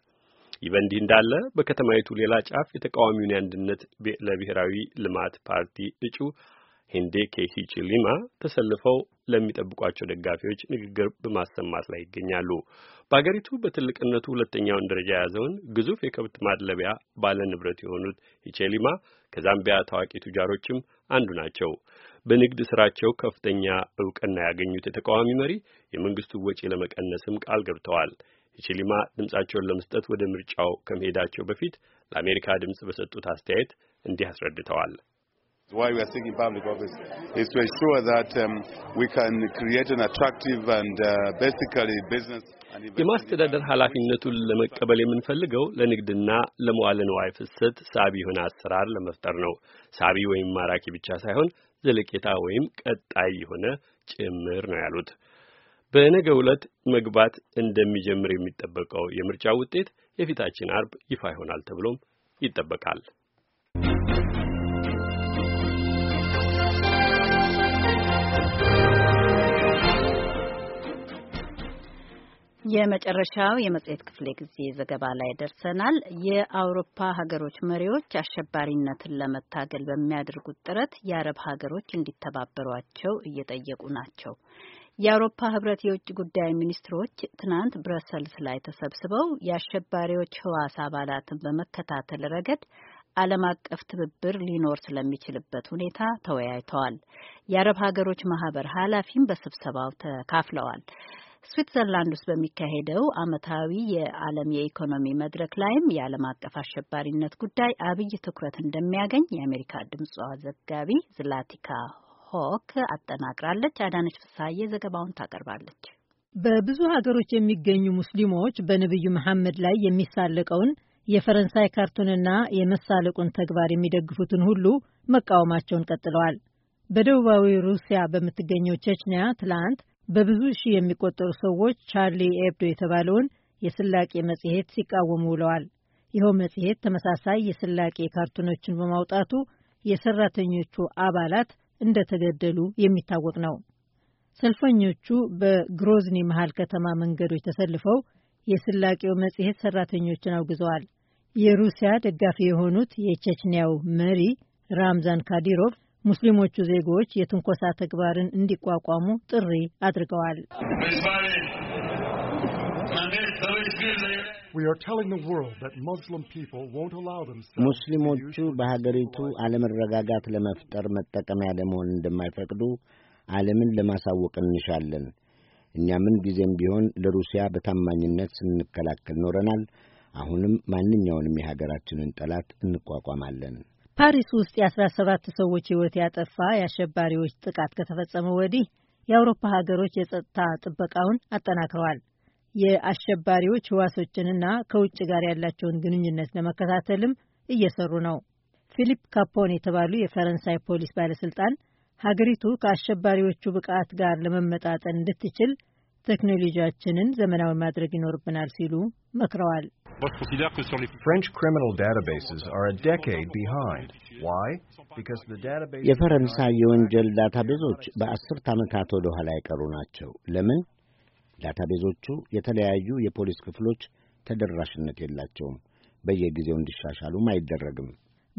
ይህ በእንዲህ እንዳለ በከተማይቱ ሌላ ጫፍ የተቃዋሚውን የአንድነት ለብሔራዊ ልማት ፓርቲ እጩ ሄንዴኬ ሂቺሊማ ተሰልፈው ለሚጠብቋቸው ደጋፊዎች ንግግር በማሰማት ላይ ይገኛሉ። በአገሪቱ በትልቅነቱ ሁለተኛውን ደረጃ የያዘውን ግዙፍ የከብት ማድለቢያ ባለ ንብረት የሆኑት ሂቼሊማ ከዛምቢያ ታዋቂ ቱጃሮችም አንዱ ናቸው። በንግድ ስራቸው ከፍተኛ እውቅና ያገኙት የተቃዋሚ መሪ የመንግስቱ ወጪ ለመቀነስም ቃል ገብተዋል። ሂቼሊማ ድምጻቸውን ለመስጠት ወደ ምርጫው ከመሄዳቸው በፊት ለአሜሪካ ድምፅ በሰጡት አስተያየት እንዲህ አስረድተዋል። why we are seeking public office is to ensure that um, we can create an attractive and uh, basically business የማስተዳደር ኃላፊነቱን ለመቀበል የምንፈልገው ለንግድና ለመዋለ ንዋይ ፍሰት ሳቢ የሆነ አሰራር ለመፍጠር ነው። ሳቢ ወይም ማራኪ ብቻ ሳይሆን ዘለቄታ ወይም ቀጣይ የሆነ ጭምር ነው ያሉት። በነገ ዕለት መግባት እንደሚጀምር የሚጠበቀው የምርጫ ውጤት የፊታችን አርብ ይፋ ይሆናል ተብሎም ይጠበቃል። የመጨረሻው የመጽሔት ክፍለ ጊዜ ዘገባ ላይ ደርሰናል። የአውሮፓ ሀገሮች መሪዎች አሸባሪነትን ለመታገል በሚያደርጉት ጥረት የአረብ ሀገሮች እንዲተባበሯቸው እየጠየቁ ናቸው። የአውሮፓ ህብረት የውጭ ጉዳይ ሚኒስትሮች ትናንት ብረሰልስ ላይ ተሰብስበው የአሸባሪዎች ህዋስ አባላትን በመከታተል ረገድ ዓለም አቀፍ ትብብር ሊኖር ስለሚችልበት ሁኔታ ተወያይተዋል። የአረብ ሀገሮች ማህበር ኃላፊም በስብሰባው ተካፍለዋል። ስዊትዘርላንድ ውስጥ በሚካሄደው ዓመታዊ የዓለም የኢኮኖሚ መድረክ ላይም የዓለም አቀፍ አሸባሪነት ጉዳይ አብይ ትኩረት እንደሚያገኝ የአሜሪካ ድምጿ ዘጋቢ ዝላቲካ ሆክ አጠናቅራለች። አዳነች ፍሳዬ ዘገባውን ታቀርባለች። በብዙ ሀገሮች የሚገኙ ሙስሊሞች በነቢዩ መሐመድ ላይ የሚሳለቀውን የፈረንሳይ ካርቱንና የመሳለቁን ተግባር የሚደግፉትን ሁሉ መቃወማቸውን ቀጥለዋል። በደቡባዊ ሩሲያ በምትገኘው ቼችንያ ትላንት በብዙ ሺህ የሚቆጠሩ ሰዎች ቻርሊ ኤብዶ የተባለውን የስላቄ መጽሔት ሲቃወሙ ውለዋል። ይኸው መጽሔት ተመሳሳይ የስላቄ ካርቱኖችን በማውጣቱ የሰራተኞቹ አባላት እንደተገደሉ የሚታወቅ ነው። ሰልፈኞቹ በግሮዝኒ መሃል ከተማ መንገዶች ተሰልፈው የስላቄው መጽሔት ሰራተኞችን አውግዘዋል። የሩሲያ ደጋፊ የሆኑት የቼችንያው መሪ ራምዛን ካዲሮቭ ሙስሊሞቹ ዜጎች የትንኮሳ ተግባርን እንዲቋቋሙ ጥሪ አድርገዋል። ሙስሊሞቹ በሀገሪቱ አለመረጋጋት ለመፍጠር መጠቀሚያ ለመሆን እንደማይፈቅዱ ዓለምን ለማሳወቅ እንሻለን። እኛ ምን ጊዜም ቢሆን ለሩሲያ በታማኝነት ስንከላከል ኖረናል። አሁንም ማንኛውንም የሀገራችንን ጠላት እንቋቋማለን። ፓሪስ ውስጥ የ17 ሰዎች ህይወት ያጠፋ የአሸባሪዎች ጥቃት ከተፈጸመ ወዲህ የአውሮፓ ሀገሮች የጸጥታ ጥበቃውን አጠናክረዋል። የአሸባሪዎች ህዋሶችንና ከውጭ ጋር ያላቸውን ግንኙነት ለመከታተልም እየሰሩ ነው። ፊሊፕ ካፖን የተባሉ የፈረንሳይ ፖሊስ ባለስልጣን ሀገሪቱ ከአሸባሪዎቹ ብቃት ጋር ለመመጣጠን እንድትችል ቴክኖሎጂያችንን ዘመናዊ ማድረግ ይኖርብናል ሲሉ መክረዋል። የፈረንሳይ የወንጀል ዳታቤዞች በአስርት ዓመታት ወደ ኋላ የቀሩ ናቸው። ለምን? ዳታቤዞቹ የተለያዩ የፖሊስ ክፍሎች ተደራሽነት የላቸውም። በየጊዜው እንዲሻሻሉም አይደረግም።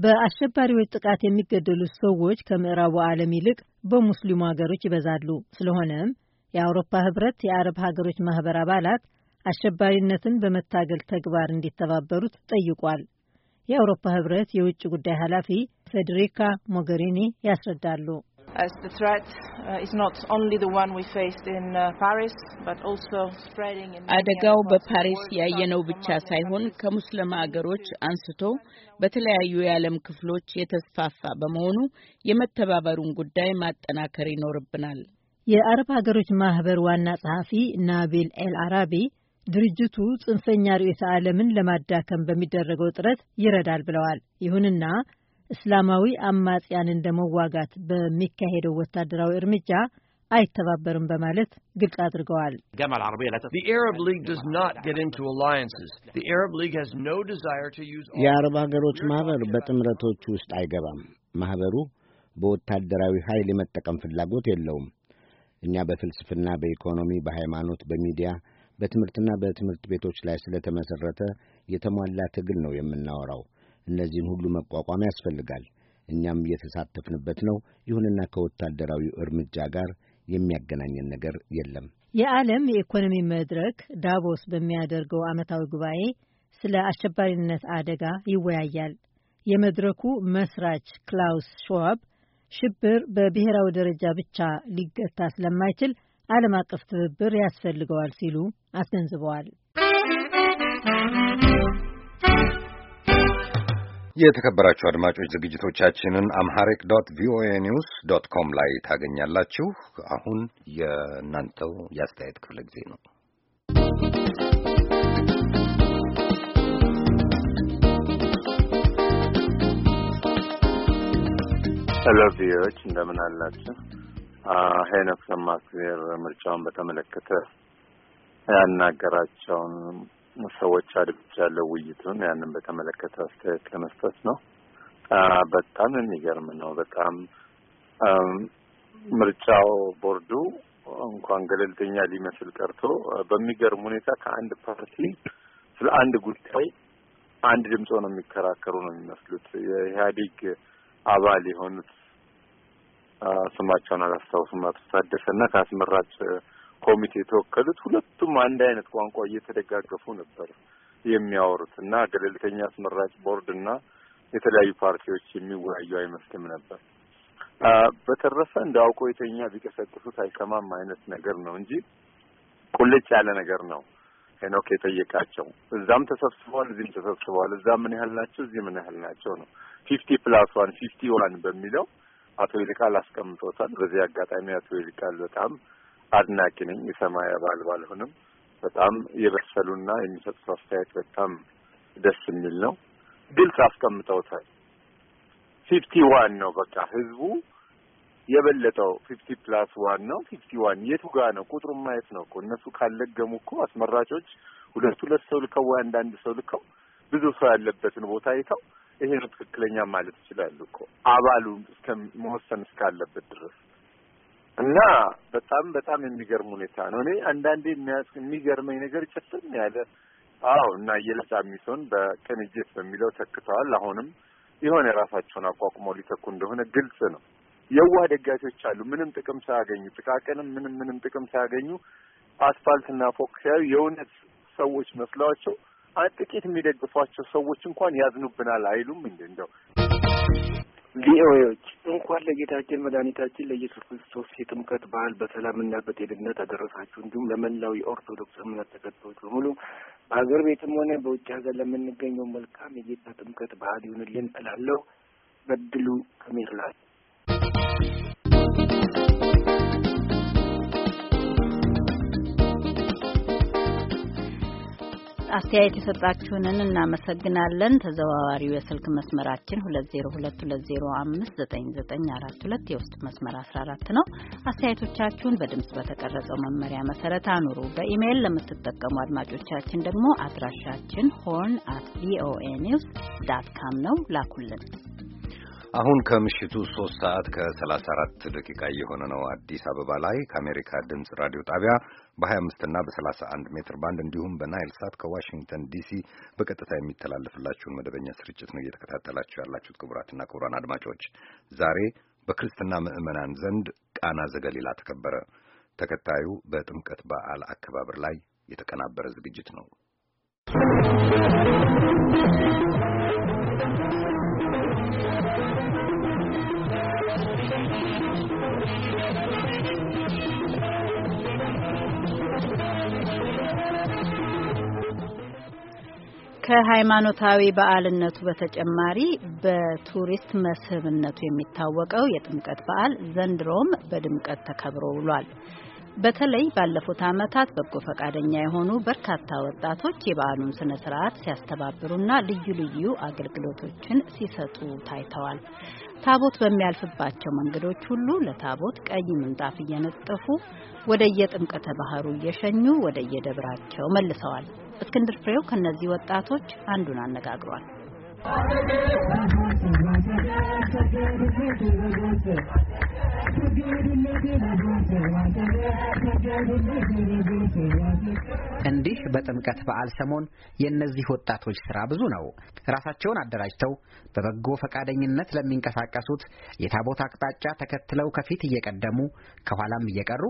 በአሸባሪዎች ጥቃት የሚገደሉት ሰዎች ከምዕራቡ ዓለም ይልቅ በሙስሊሙ አገሮች ይበዛሉ። ስለሆነም የአውሮፓ ህብረት የአረብ ሀገሮች ማህበር አባላት አሸባሪነትን በመታገል ተግባር እንዲተባበሩት ጠይቋል። የአውሮፓ ህብረት የውጭ ጉዳይ ኃላፊ ፌዴሪካ ሞገሪኒ ያስረዳሉ። uh, uh, አደጋው በፓሪስ ያየነው ብቻ ሳይሆን ከሙስሊም አገሮች አንስቶ በተለያዩ የዓለም ክፍሎች የተስፋፋ በመሆኑ የመተባበሩን ጉዳይ ማጠናከር ይኖርብናል። የአረብ ሀገሮች ማህበር ዋና ጸሐፊ ናቢል ኤል አራቢ ድርጅቱ ጽንፈኛ ርዕዮተ ዓለምን ለማዳከም በሚደረገው ጥረት ይረዳል ብለዋል። ይሁንና እስላማዊ አማጽያንን ለመዋጋት በሚካሄደው ወታደራዊ እርምጃ አይተባበርም በማለት ግልጽ አድርገዋል። የአረብ ሀገሮች ማህበር በጥምረቶች ውስጥ አይገባም። ማህበሩ በወታደራዊ ኃይል የመጠቀም ፍላጎት የለውም። እኛ በፍልስፍና፣ በኢኮኖሚ፣ በሃይማኖት፣ በሚዲያ፣ በትምህርትና በትምህርት ቤቶች ላይ ተመሠረተ የተሟላ ትግል ነው የምናወራው። እነዚህን ሁሉ መቋቋም ያስፈልጋል። እኛም እየተሳተፍንበት ነው። ይሁንና ከወታደራዊ እርምጃ ጋር የሚያገናኘን ነገር የለም። የዓለም የኢኮኖሚ መድረክ ዳቮስ በሚያደርገው ዓመታዊ ጉባኤ ስለ አሸባሪነት አደጋ ይወያያል። የመድረኩ መስራች ክላውስ ሸዋብ ሽብር በብሔራዊ ደረጃ ብቻ ሊገታ ስለማይችል ዓለም አቀፍ ትብብር ያስፈልገዋል ሲሉ አስገንዝበዋል። የተከበራችሁ አድማጮች ዝግጅቶቻችንን አምሐሪክ ዶት ቪኦኤ ኒውስ ዶት ኮም ላይ ታገኛላችሁ። አሁን የእናንተው የአስተያየት ክፍለ ጊዜ ነው። ሄሎ ቪዎች እንደምን አላችሁ? ሄኖክ ሰማእግዚአብሔር ምርጫውን በተመለከተ ያናገራቸውን ሰዎች አድብጃለሁ። ውይይቱን ያንን በተመለከተ አስተያየት ለመስጠት ነው። በጣም የሚገርም ነው። በጣም ምርጫው ቦርዱ እንኳን ገለልተኛ ሊመስል ቀርቶ በሚገርም ሁኔታ ከአንድ ፓርቲ ስለ አንድ ጉዳይ አንድ ድምፆ ነው የሚከራከሩ ነው የሚመስሉት የኢህአዴግ አባል የሆኑት ስማቸውን አላስታውስም አቶ ታደሰና ከአስመራጭ ኮሚቴ የተወከሉት ሁለቱም አንድ አይነት ቋንቋ እየተደጋገፉ ነበር የሚያወሩት እና ገለልተኛ አስመራጭ ቦርድ እና የተለያዩ ፓርቲዎች የሚወያዩ አይመስልም ነበር። በተረፈ እንደ አውቆ የተኛ ቢቀሰቅሱት አይሰማም አይነት ነገር ነው እንጂ ቁልጭ ያለ ነገር ነው። ሄኖክ የጠየቃቸው እዛም ተሰብስበዋል፣ እዚህም ተሰብስበዋል። እዛ ምን ያህል ናቸው፣ እዚህ ምን ያህል ናቸው ነው ፊፍቲ ፕላስ ዋን ፊፍቲ ዋን በሚለው አቶ ይልቃል አስቀምጦታል። በዚህ አጋጣሚ አቶ ይልቃል በጣም አድናቂ ነኝ። የሰማይ አባል ባልሆንም በጣም የበሰሉና የሚሰጡት አስተያየት በጣም ደስ የሚል ነው። ግልጽ አስቀምጠውታል። ፊፍቲ ዋን ነው በቃ ህዝቡ የበለጠው ፊፍቲ ፕላስ ዋን ነው። ፊፍቲ ዋን የቱ ጋ ነው? ቁጥሩ ማየት ነው እኮ እነሱ ካለገሙ እኮ አስመራጮች ሁለት ሁለት ሰው ልከው ወይ አንዳንድ ሰው ልከው ብዙ ሰው ያለበትን ቦታ አይተው ይሄ ነው ትክክለኛ ማለት ይችላሉ እኮ አባሉ እስከ መወሰን እስካለበት ድረስ እና በጣም በጣም የሚገርም ሁኔታ ነው። እኔ አንዳንዴ የሚገርመኝ ነገር ጭፍን ያለ አዎ እና የለዛ የሚሆን በቅንጅት በሚለው ተክተዋል። አሁንም የሆነ የራሳቸውን አቋቁመው ሊተኩ እንደሆነ ግልጽ ነው። የዋህ ደጋፊዎች አሉ። ምንም ጥቅም ሳያገኙ ጥቃቅንም ምንም ምንም ጥቅም ሳያገኙ አስፋልትና ፎቅ ሲያዩ የእውነት ሰዎች መስለዋቸው ጥቂት የሚደግፏቸው ሰዎች እንኳን ያዝኑብናል አይሉም። እንደ እንደው ቪኦኤዎች እንኳን ለጌታችን መድኃኒታችን ለኢየሱስ ክርስቶስ የጥምቀት በዓል በሰላምና በጤንነት አደረሳችሁ። እንዲሁም ለመላው የኦርቶዶክስ እምነት ተከታዮች በሙሉ በሀገር ቤትም ሆነ በውጭ ሀገር ለምንገኘው መልካም የጌታ ጥምቀት በዓል ይሁንልን እላለሁ። በድሉ ከሜርላል አስተያየት የሰጣችሁንን እናመሰግናለን። ተዘዋዋሪው የስልክ መስመራችን 2022059942 የውስጥ መስመር 14 ነው። አስተያየቶቻችሁን በድምጽ በተቀረጸው መመሪያ መሰረት አኑሩ። በኢሜይል ለምትጠቀሙ አድማጮቻችን ደግሞ አድራሻችን ሆርን አት ቪኦኤ ኒውስ ዳት ካም ነው። ላኩልን። አሁን ከምሽቱ ሶስት ሰዓት ከሰላሳ አራት ደቂቃ እየሆነ ነው አዲስ አበባ ላይ ከአሜሪካ ድምፅ ራዲዮ ጣቢያ በሀያ እና በሰላሳ አንድ ሜትር ባንድ እንዲሁም በናይል ሳት ከዋሽንግተን ዲሲ በቀጥታ የሚተላለፍላችሁን መደበኛ ስርጭት ነው እየተከታተላችሁ ያላችሁት። ክቡራትና ክቡራን አድማጮች ዛሬ በክርስትና ምዕመናን ዘንድ ቃና ዘገሊላ ተከበረ። ተከታዩ በጥምቀት በዓል አከባበር ላይ የተቀናበረ ዝግጅት ነው። ከሃይማኖታዊ በዓልነቱ በተጨማሪ በቱሪስት መስህብነቱ የሚታወቀው የጥምቀት በዓል ዘንድሮም በድምቀት ተከብሮ ውሏል። በተለይ ባለፉት ዓመታት በጎ ፈቃደኛ የሆኑ በርካታ ወጣቶች የበዓሉን ስነ ስርዓት ሲያስተባብሩና ልዩ ልዩ አገልግሎቶችን ሲሰጡ ታይተዋል። ታቦት በሚያልፍባቸው መንገዶች ሁሉ ለታቦት ቀይ ምንጣፍ እየነጠፉ ወደየጥምቀተ ባህሩ እየሸኙ ወደየደብራቸው መልሰዋል። እስክንድር ፍሬው ከነዚህ ወጣቶች አንዱን አነጋግሯል። እንዲህ በጥምቀት በዓል ሰሞን የእነዚህ ወጣቶች ሥራ ብዙ ነው። ራሳቸውን አደራጅተው በበጎ ፈቃደኝነት ለሚንቀሳቀሱት የታቦት አቅጣጫ ተከትለው ከፊት እየቀደሙ ከኋላም እየቀሩ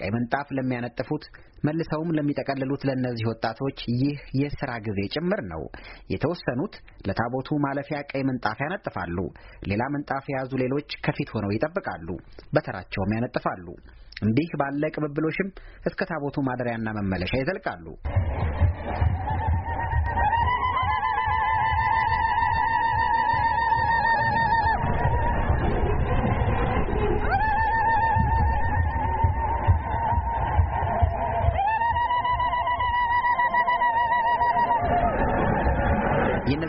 ቀይ ምንጣፍ ለሚያነጥፉት መልሰውም ለሚጠቀልሉት ለእነዚህ ወጣቶች ይህ የስራ ጊዜ ጭምር ነው። የተወሰኑት ለታቦቱ ማለፊያ ቀይ ምንጣፍ ያነጥፋሉ። ሌላ ምንጣፍ የያዙ ሌሎች ከፊት ሆነው ይጠብቃሉ፣ በተራቸውም ያነጥፋሉ። እንዲህ ባለ ቅብብሎሽም እስከ ታቦቱ ማደሪያና መመለሻ ይዘልቃሉ።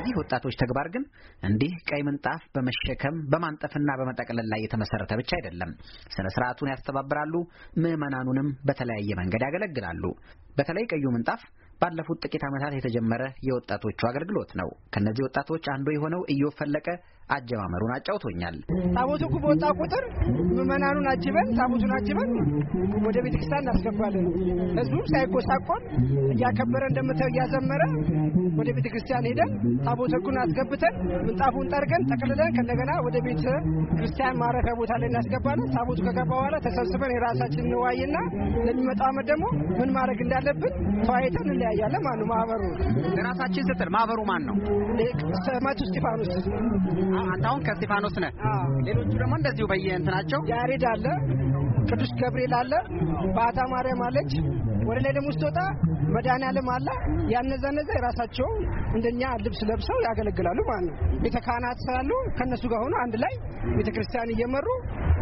የእነዚህ ወጣቶች ተግባር ግን እንዲህ ቀይ ምንጣፍ በመሸከም በማንጠፍና በመጠቅለል ላይ የተመሰረተ ብቻ አይደለም። ስነ ስርዓቱን ያስተባብራሉ፣ ምዕመናኑንም በተለያየ መንገድ ያገለግላሉ። በተለይ ቀዩ ምንጣፍ ባለፉት ጥቂት ዓመታት የተጀመረ የወጣቶቹ አገልግሎት ነው። ከእነዚህ ወጣቶች አንዱ የሆነው እዮ ፈለቀ አጀማመሩን አጫውቶኛል። ታቦቱ እኮ በወጣ ቁጥር ምዕመናኑን አጅበን ታቦቱን አጅበን ወደ ቤተክርስቲያን እናስገባለን። ህዝቡም ሳይጎሳቆል እያከበረ እንደምተ እያዘመረ ወደ ቤተክርስቲያን ሄደን ታቦተ ህጉን አስገብተን ምንጣፉን ጠርገን ጠቅልለን ከእንደገና ወደ ቤተ ክርስቲያን ማረፊያ ቦታ ላይ እናስገባለን። ታቦቱ ከገባ በኋላ ተሰብስበን የራሳችን እንዋይና ለሚመጣው ዓመት ደግሞ ምን ማድረግ እንዳለብን ተዋይተን እንለያያለን። ማኑ ማህበሩ ለራሳችን ስትል ማህበሩ ማን ነው? መቱ እስጢፋኖስ አንተ አሁን ከእስጢፋኖስ ነህ። ሌሎቹ ደግሞ እንደዚሁ በየእንትናቸው ያሬድ አለ፣ ቅዱስ ገብርኤል አለ፣ ባታ ማርያም አለች ወደ ላይ ደግሞ ስትወጣ መድኃኔዓለም አለ ያነዛ ነዛ የራሳቸው እንደኛ ልብስ ለብሰው ያገለግላሉ ማለት ነው። ቤተ ካህናት ስላሉ ከነሱ ጋር ሆኖ አንድ ላይ ቤተ ክርስቲያን እየመሩ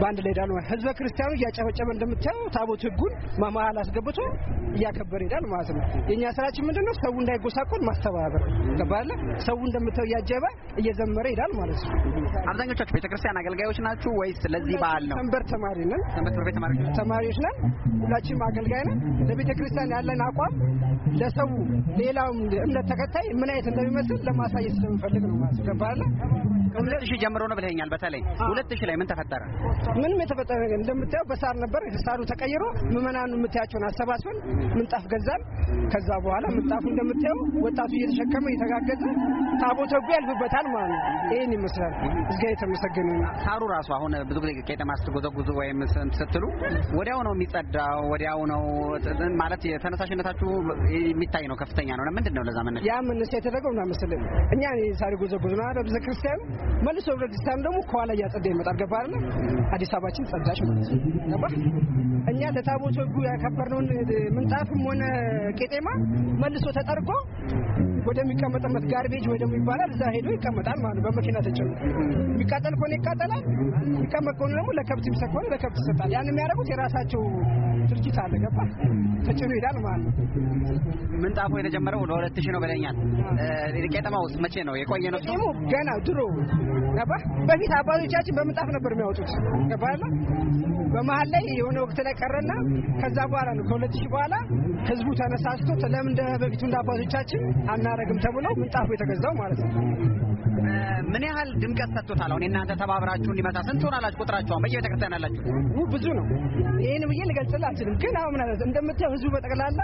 በአንድ ላይ ሄዳሉ። ህዝበ ክርስቲያኑ እያጨበጨበ እንደምታየው ታቦት ህጉን መሀል አስገብቶ እያከበረ ሄዳል ማለት ነው። የእኛ ስራችን ምንድን ነው? ሰው እንዳይጎሳቆል ማስተባበር ገባለ። ሰው እንደምታየው እያጀበ እየዘመረ ሄዳል ማለት ነው። አብዛኞቻችሁ ቤተ ክርስቲያን አገልጋዮች ናችሁ ወይስ ለዚህ በዓል ነው? ሰንበት ተማሪ ነን፣ ተማሪዎች ነን፣ ሁላችንም አገልጋይ ነን ለቤተ ቤተክርስቲያን ያለን አቋም ለሰው ሌላውም እምነት ተከታይ ምን አይነት እንደሚመስል ለማሳየት ስለምፈልግ ነው። ማስገባለ ከሁለት ሺህ ጀምሮ ነው ብለኛል። በተለይ ሁለት ሺህ ላይ ምን ተፈጠረ? ምንም የተፈጠረ ነገር እንደምታየው በሳር ነበር። ሳሩ ተቀይሮ ምዕመናኑ የምታያቸውን አሰባስበን ምንጣፍ ገዛን። ከዛ በኋላ ምንጣፉ እንደምታየው ወጣቱ እየተሸከመ እየተጋገዘ ታቦተ ሕጉ ያልፍበታል ማለት ነው። ይህን ይመስላል። እዚጋ የተመሰገነ ሳሩ ራሱ አሁን ብዙ ጊዜ ቄጠማ ስትጎዘጉዙ ወይም ስትሉ ወዲያው ነው የሚጸዳው፣ ወዲያው ነው ማለት የተነሳሽነታችሁ የሚታይ ነው፣ ከፍተኛ ነው። ምንድን ነው ለዛ መነሻ ያ መነሻ የተደረገው እና መሰለኝ እኛ ሳሪ ጎዘ ጉዞ ና ቤተ ክርስቲያኑ መልሶ ቤተክርስቲያኑ ደግሞ ከኋላ እያጸዳ ይመጣል። ገባ አለ አዲስ አበባችን ጸዳሽ ማለት ገባ። እኛ ለታቦት ህጉ ያከበርነውን ምንጣፍም ሆነ ቄጤማ መልሶ ተጠርጎ ወደሚቀመጥበት ጋርቤጅ ወይ ደግሞ ይባላል እዛ ሄዶ ይቀመጣል ማለት ነው። በመኪና ተጨምሮ የሚቃጠል ከሆነ ይቃጠላል፣ የሚቀመጥ ከሆነ ደግሞ ለከብት የሚሰጥ ለከብት ይሰጣል። ያን የሚያደርጉት የራሳቸው ድርጅት አለ ገባ ተጭኖ ይሄዳል ማለት ነው። ምንጣፉ የተጀመረው ወደ ሁለት ሺህ ነው ብለኛል። ውስጥ መቼ ነው የቆየ ነው? ገና ድሮ ገባ። በፊት አባቶቻችን በምንጣፍ ነበር የሚያወጡት ገባ። በመሀል ላይ የሆነ ወቅት ላይ ቀረና ከዛ በኋላ ነው ከሁለት ሺህ በኋላ ህዝቡ ተነሳስቶ ለምን እንደ በፊቱ እንደ አባቶቻችን አናረግም ተብሎ ምንጣፉ የተገዛው ማለት ነው። ምን ያህል ድምቀት ሰጥቶታል? አሁን እናንተ ተባብራችሁ እንዲመጣ ስንት ሆናላችሁ? ቁጥራችሁ በየቤተክርስቲያን አላችሁ? ብዙ ነው። ይሄን ብዬ ልገልጽልህ አንችልም። ግን አሁን ምናለት እንደምታየው ህዝቡ በጠቅላላ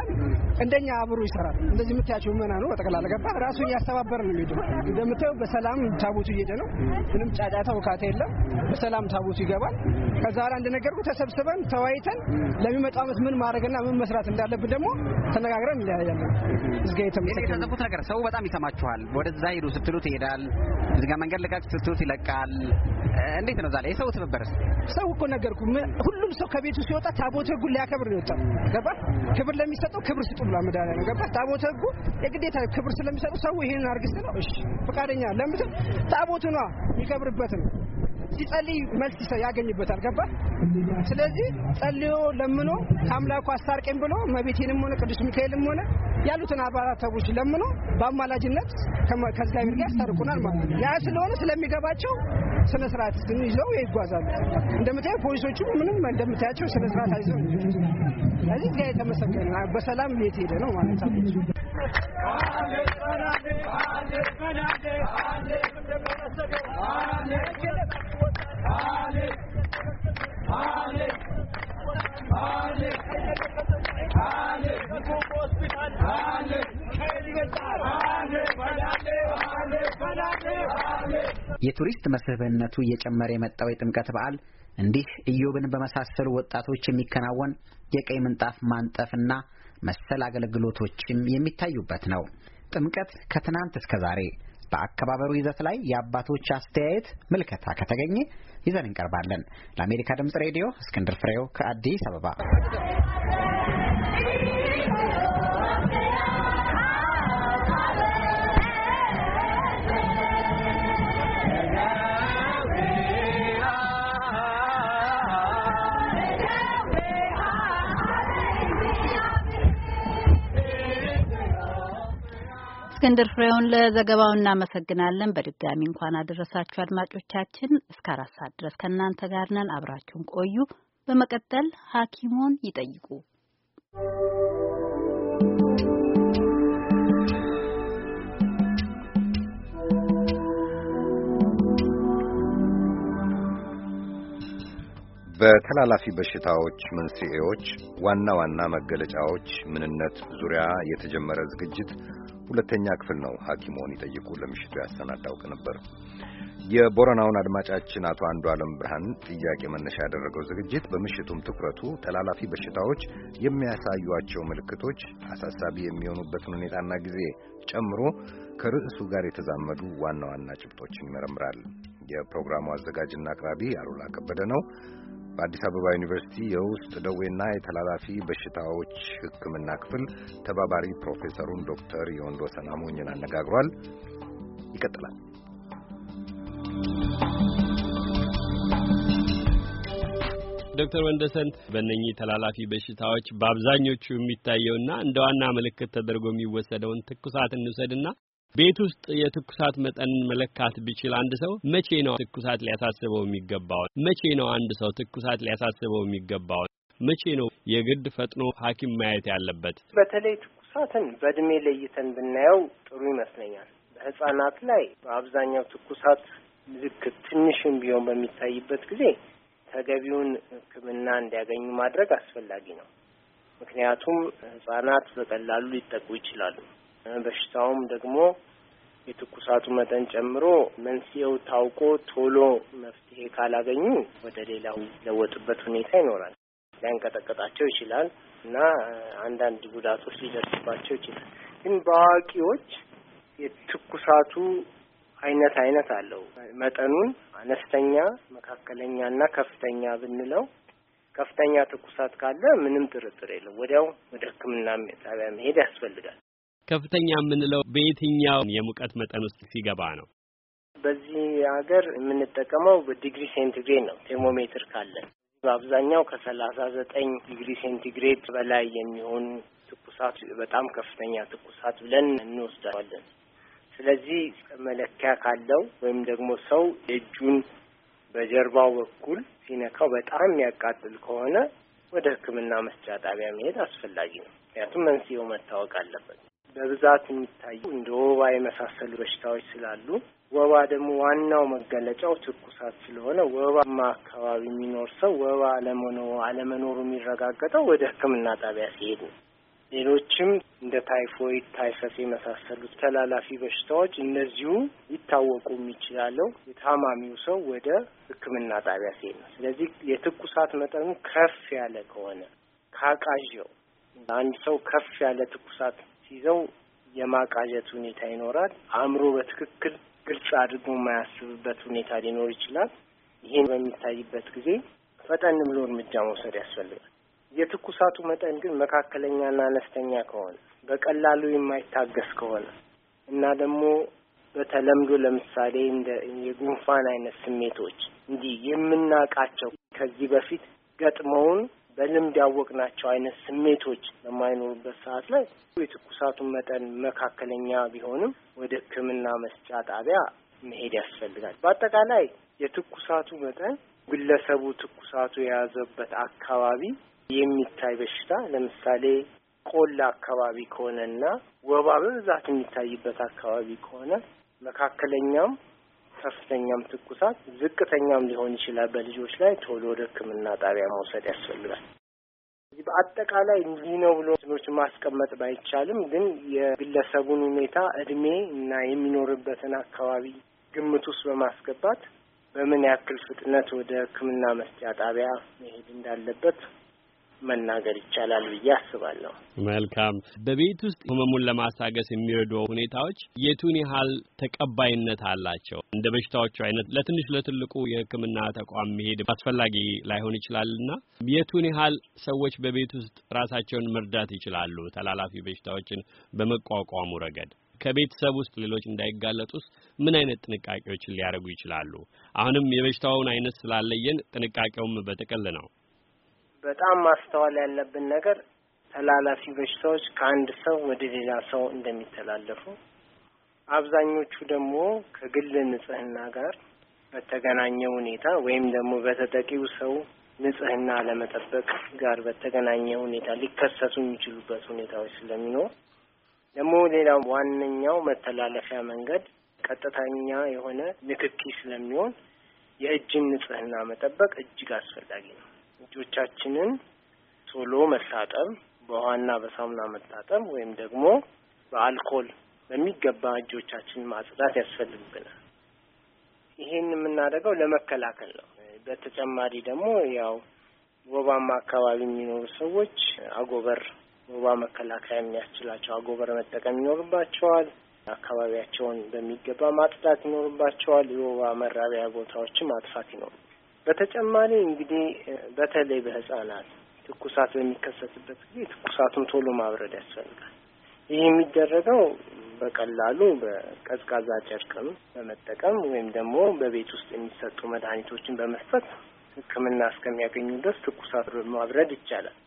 እንደኛ አብሮ ይሰራል። እንደዚህ የምታያቸው መና ነው በጠቅላላ ገባ ራሱን እያስተባበረ ነው የሚሄደው። እንደምታየው በሰላም ታቦቱ እየሄደ ነው። ምንም ጫጫታ ውካታ የለም። በሰላም ታቦቱ ይገባል። ከዛ በኋላ እንደነገርኩ ተሰብስበን ተወያይተን ለሚመጣው ዓመት ምን ማድረግና ምን መስራት እንዳለብን ደግሞ ተነጋግረን እንለያያለን። እዚጋ የተዘጉት ነገር ሰው በጣም ይሰማችኋል። ወደዛ ሂዱ ስትሉት ይሄዳል። እዚጋ መንገድ ልቀቅ ስትሉት ይለቃል። እንዴት ነው ዛሬ የሰው ትብብርስ? ሰው እኮ ነገርኩ። ሁሉም ሰው ከቤቱ ሲወጣ ታቦቱ ህጉን ሊያከብር ነው የወጣው። ገባ ክብር ለሚሰጠው ክብር ስጡ ብሏል መድኃኒዓለም። ገባ ታቦተ ህጉ የግዴታ ክብር ስለሚሰጠው ሰው ይሄን አርግስ ነው። እሺ ፈቃደኛ ለምትል ታቦቱ ነዋ የሚከብርበት ነው። ሲጸልይ መልስ ያገኝበታል። ገባ ስለዚህ ጸልዮ ለምኖ ከአምላኩ አስታርቀኝ ብሎ መቤቴንም ሆነ ቅዱስ ሚካኤልም ሆነ ያሉትን አባላት ተቡሽ ለምኖ በአማላጅነት ከእግዚአብሔር ጋር ያስታርቁናል ማለት ነው። ያ ስለሆነ ስለሚገባቸው ስነ ስርዓት ይዘው ይጓዛሉ። እንደምታየው ፖሊሶቹ ምንም እንደምታያቸው ስነ ስርዓት አይዘው ስለዚህ ጋር የተመሰገነ በሰላም ቤት ሄደ ነው ማለት አለ። የቱሪስት መስህብነቱ እየጨመረ የመጣው የጥምቀት በዓል እንዲህ እዮብን በመሳሰሉ ወጣቶች የሚከናወን የቀይ ምንጣፍ ማንጠፍና መሰል አገልግሎቶችም የሚታዩበት ነው። ጥምቀት ከትናንት እስከ ዛሬ በአከባበሩ ይዘት ላይ የአባቶች አስተያየት ምልከታ ከተገኘ ይዘን እንቀርባለን። ለአሜሪካ ድምፅ ሬዲዮ እስክንድር ፍሬው ከአዲስ አበባ እስክንድር ፍሬውን ለዘገባው እናመሰግናለን። በድጋሚ እንኳን አደረሳችሁ አድማጮቻችን። እስከ አራት ሰዓት ድረስ ከእናንተ ጋር ነን። አብራችሁን ቆዩ። በመቀጠል ሐኪሞን ይጠይቁ በተላላፊ በሽታዎች መንስኤዎች ዋና ዋና መገለጫዎች ምንነት ዙሪያ የተጀመረ ዝግጅት ሁለተኛ ክፍል ነው። ሐኪሞን ይጠይቁ ለምሽቱ ያሰናዳው ነበር። የቦረናውን አድማጫችን አቶ አንዱ ዓለም ብርሃን ጥያቄ መነሻ ያደረገው ዝግጅት በምሽቱም ትኩረቱ ተላላፊ በሽታዎች የሚያሳዩአቸው ምልክቶች፣ አሳሳቢ የሚሆኑበትን ሁኔታና ጊዜ ጨምሮ ከርዕሱ ጋር የተዛመዱ ዋና ዋና ጭብጦችን ይመረምራል። የፕሮግራሙ አዘጋጅና አቅራቢ አሉላ ከበደ ነው። በአዲስ አበባ ዩኒቨርሲቲ የውስጥ ደዌና የተላላፊ በሽታዎች ሕክምና ክፍል ተባባሪ ፕሮፌሰሩን ዶክተር የወንዶ አሞኝን አነጋግሯል። ይቀጥላል። ዶክተር ወንደሰን በእነኚህ ተላላፊ በሽታዎች በአብዛኞቹ የሚታየውና እንደ ዋና ምልክት ተደርጎ የሚወሰደውን ትኩሳት እንውሰድና ቤት ውስጥ የትኩሳት መጠን መለካት ቢችል አንድ ሰው መቼ ነው ትኩሳት ሊያሳስበው የሚገባው? መቼ ነው አንድ ሰው ትኩሳት ሊያሳስበው የሚገባው? መቼ ነው የግድ ፈጥኖ ሐኪም ማየት ያለበት? በተለይ ትኩሳትን በእድሜ ለይተን ብናየው ጥሩ ይመስለኛል። በህጻናት ላይ በአብዛኛው ትኩሳት ልክ ትንሽም ቢሆን በሚታይበት ጊዜ ተገቢውን ሕክምና እንዲያገኙ ማድረግ አስፈላጊ ነው። ምክንያቱም ህጻናት በቀላሉ ሊጠቁ ይችላሉ። በሽታውም ደግሞ የትኩሳቱ መጠን ጨምሮ መንስኤው ታውቆ ቶሎ መፍትሄ ካላገኙ ወደ ሌላው ለወጡበት ሁኔታ ይኖራል። ሊያንቀጠቀጣቸው ይችላል እና አንዳንድ ጉዳቶች ሊደርስባቸው ይችላል። ግን በአዋቂዎች የትኩሳቱ አይነት አይነት አለው። መጠኑን አነስተኛ፣ መካከለኛ እና ከፍተኛ ብንለው ከፍተኛ ትኩሳት ካለ ምንም ጥርጥር የለም፣ ወዲያው ወደ ሕክምና ጣቢያ መሄድ ያስፈልጋል። ከፍተኛ የምንለው በየትኛው የሙቀት መጠን ውስጥ ሲገባ ነው? በዚህ ሀገር የምንጠቀመው ዲግሪ ሴንቲግሬድ ነው። ቴርሞሜትር ካለን በአብዛኛው ከሰላሳ ዘጠኝ ዲግሪ ሴንቲግሬድ በላይ የሚሆን ትኩሳት በጣም ከፍተኛ ትኩሳት ብለን እንወስዳለን። ስለዚህ መለኪያ ካለው ወይም ደግሞ ሰው እጁን በጀርባው በኩል ሲነካው በጣም የሚያቃጥል ከሆነ ወደ ሕክምና መስጫ ጣቢያ መሄድ አስፈላጊ ነው። ምክንያቱም መንስኤው መታወቅ አለበት። በብዛት የሚታዩ እንደ ወባ የመሳሰሉ በሽታዎች ስላሉ ወባ ደግሞ ዋናው መገለጫው ትኩሳት ስለሆነ ወባማ አካባቢ የሚኖር ሰው ወባ አለመኖሩ የሚረጋገጠው ወደ ሕክምና ጣቢያ ሲሄድ ነው። ሌሎችም እንደ ታይፎይድ፣ ታይፈስ የመሳሰሉት ተላላፊ በሽታዎች እነዚሁ ሊታወቁ የሚችላለው የታማሚው ሰው ወደ ሕክምና ጣቢያ ሲሄድ ነው። ስለዚህ የትኩሳት መጠኑ ከፍ ያለ ከሆነ ካቃዥው አንድ ሰው ከፍ ያለ ትኩሳት ሲይዘው የማቃዠት ሁኔታ ይኖራል። አእምሮ በትክክል ግልጽ አድርጎ የማያስብበት ሁኔታ ሊኖር ይችላል። ይሄን በሚታይበት ጊዜ ፈጠን ብሎ እርምጃ መውሰድ ያስፈልጋል። የትኩሳቱ መጠን ግን መካከለኛና አነስተኛ ከሆነ በቀላሉ የማይታገስ ከሆነ እና ደግሞ በተለምዶ ለምሳሌ እንደ የጉንፋን አይነት ስሜቶች እንዲህ የምናውቃቸው ከዚህ በፊት ገጥመውን በልምድ ያወቅናቸው አይነት ስሜቶች በማይኖሩበት ሰዓት ላይ የትኩሳቱን መጠን መካከለኛ ቢሆንም ወደ ሕክምና መስጫ ጣቢያ መሄድ ያስፈልጋል። በአጠቃላይ የትኩሳቱ መጠን ግለሰቡ ትኩሳቱ የያዘበት አካባቢ የሚታይ በሽታ ለምሳሌ ቆላ አካባቢ ከሆነና ወባ በብዛት የሚታይበት አካባቢ ከሆነ መካከለኛም ከፍተኛም ትኩሳት ዝቅተኛም ሊሆን ይችላል። በልጆች ላይ ቶሎ ወደ ሕክምና ጣቢያ መውሰድ ያስፈልጋል። በአጠቃላይ እንዲህ ነው ብሎ ኖች ማስቀመጥ ባይቻልም ግን የግለሰቡን ሁኔታ እድሜ እና የሚኖርበትን አካባቢ ግምት ውስጥ በማስገባት በምን ያክል ፍጥነት ወደ ሕክምና መስጫ ጣቢያ መሄድ እንዳለበት መናገር ይቻላል ብዬ አስባለሁ። መልካም። በቤት ውስጥ ህመሙን ለማስታገስ የሚረዱ ሁኔታዎች የቱን ያህል ተቀባይነት አላቸው? እንደ በሽታዎቹ አይነት ለትንሽ ለትልቁ የህክምና ተቋም መሄድ አስፈላጊ ላይሆን ይችላልና የቱን ያህል ሰዎች በቤት ውስጥ ራሳቸውን መርዳት ይችላሉ? ተላላፊ በሽታዎችን በመቋቋሙ ረገድ ከቤተሰብ ውስጥ ሌሎች እንዳይጋለጡስ ምን አይነት ጥንቃቄዎችን ሊያደርጉ ይችላሉ? አሁንም የበሽታውን አይነት ስላለየን ጥንቃቄውም በጥቅል ነው። በጣም ማስተዋል ያለብን ነገር ተላላፊ በሽታዎች ከአንድ ሰው ወደ ሌላ ሰው እንደሚተላለፉ አብዛኞቹ ደግሞ ከግል ንጽህና ጋር በተገናኘ ሁኔታ ወይም ደግሞ በተጠቂው ሰው ንጽህና ለመጠበቅ ጋር በተገናኘ ሁኔታ ሊከሰቱ የሚችሉበት ሁኔታዎች ስለሚኖር ደግሞ ሌላው ዋነኛው መተላለፊያ መንገድ ቀጥተኛ የሆነ ንክኪ ስለሚሆን የእጅን ንጽህና መጠበቅ እጅግ አስፈላጊ ነው። እጆቻችንን ቶሎ መታጠብ፣ በውሃና በሳሙና መታጠብ ወይም ደግሞ በአልኮል በሚገባ እጆቻችንን ማጽዳት ያስፈልግብናል። ይሄን የምናደርገው ለመከላከል ነው። በተጨማሪ ደግሞ ያው ወባማ አካባቢ የሚኖሩ ሰዎች አጎበር ወባ መከላከያ የሚያስችላቸው አጎበር መጠቀም ይኖርባቸዋል። አካባቢያቸውን በሚገባ ማጽዳት ይኖርባቸዋል። የወባ መራቢያ ቦታዎችን ማጥፋት ይኖርባቸዋል። በተጨማሪ እንግዲህ በተለይ በህጻናት ትኩሳት በሚከሰትበት ጊዜ ትኩሳቱን ቶሎ ማብረድ ያስፈልጋል። ይህ የሚደረገው በቀላሉ በቀዝቃዛ ጨርቅም በመጠቀም ወይም ደግሞ በቤት ውስጥ የሚሰጡ መድኃኒቶችን በመስጠት ሕክምና እስከሚያገኙ ድረስ ትኩሳት ማብረድ ይቻላል።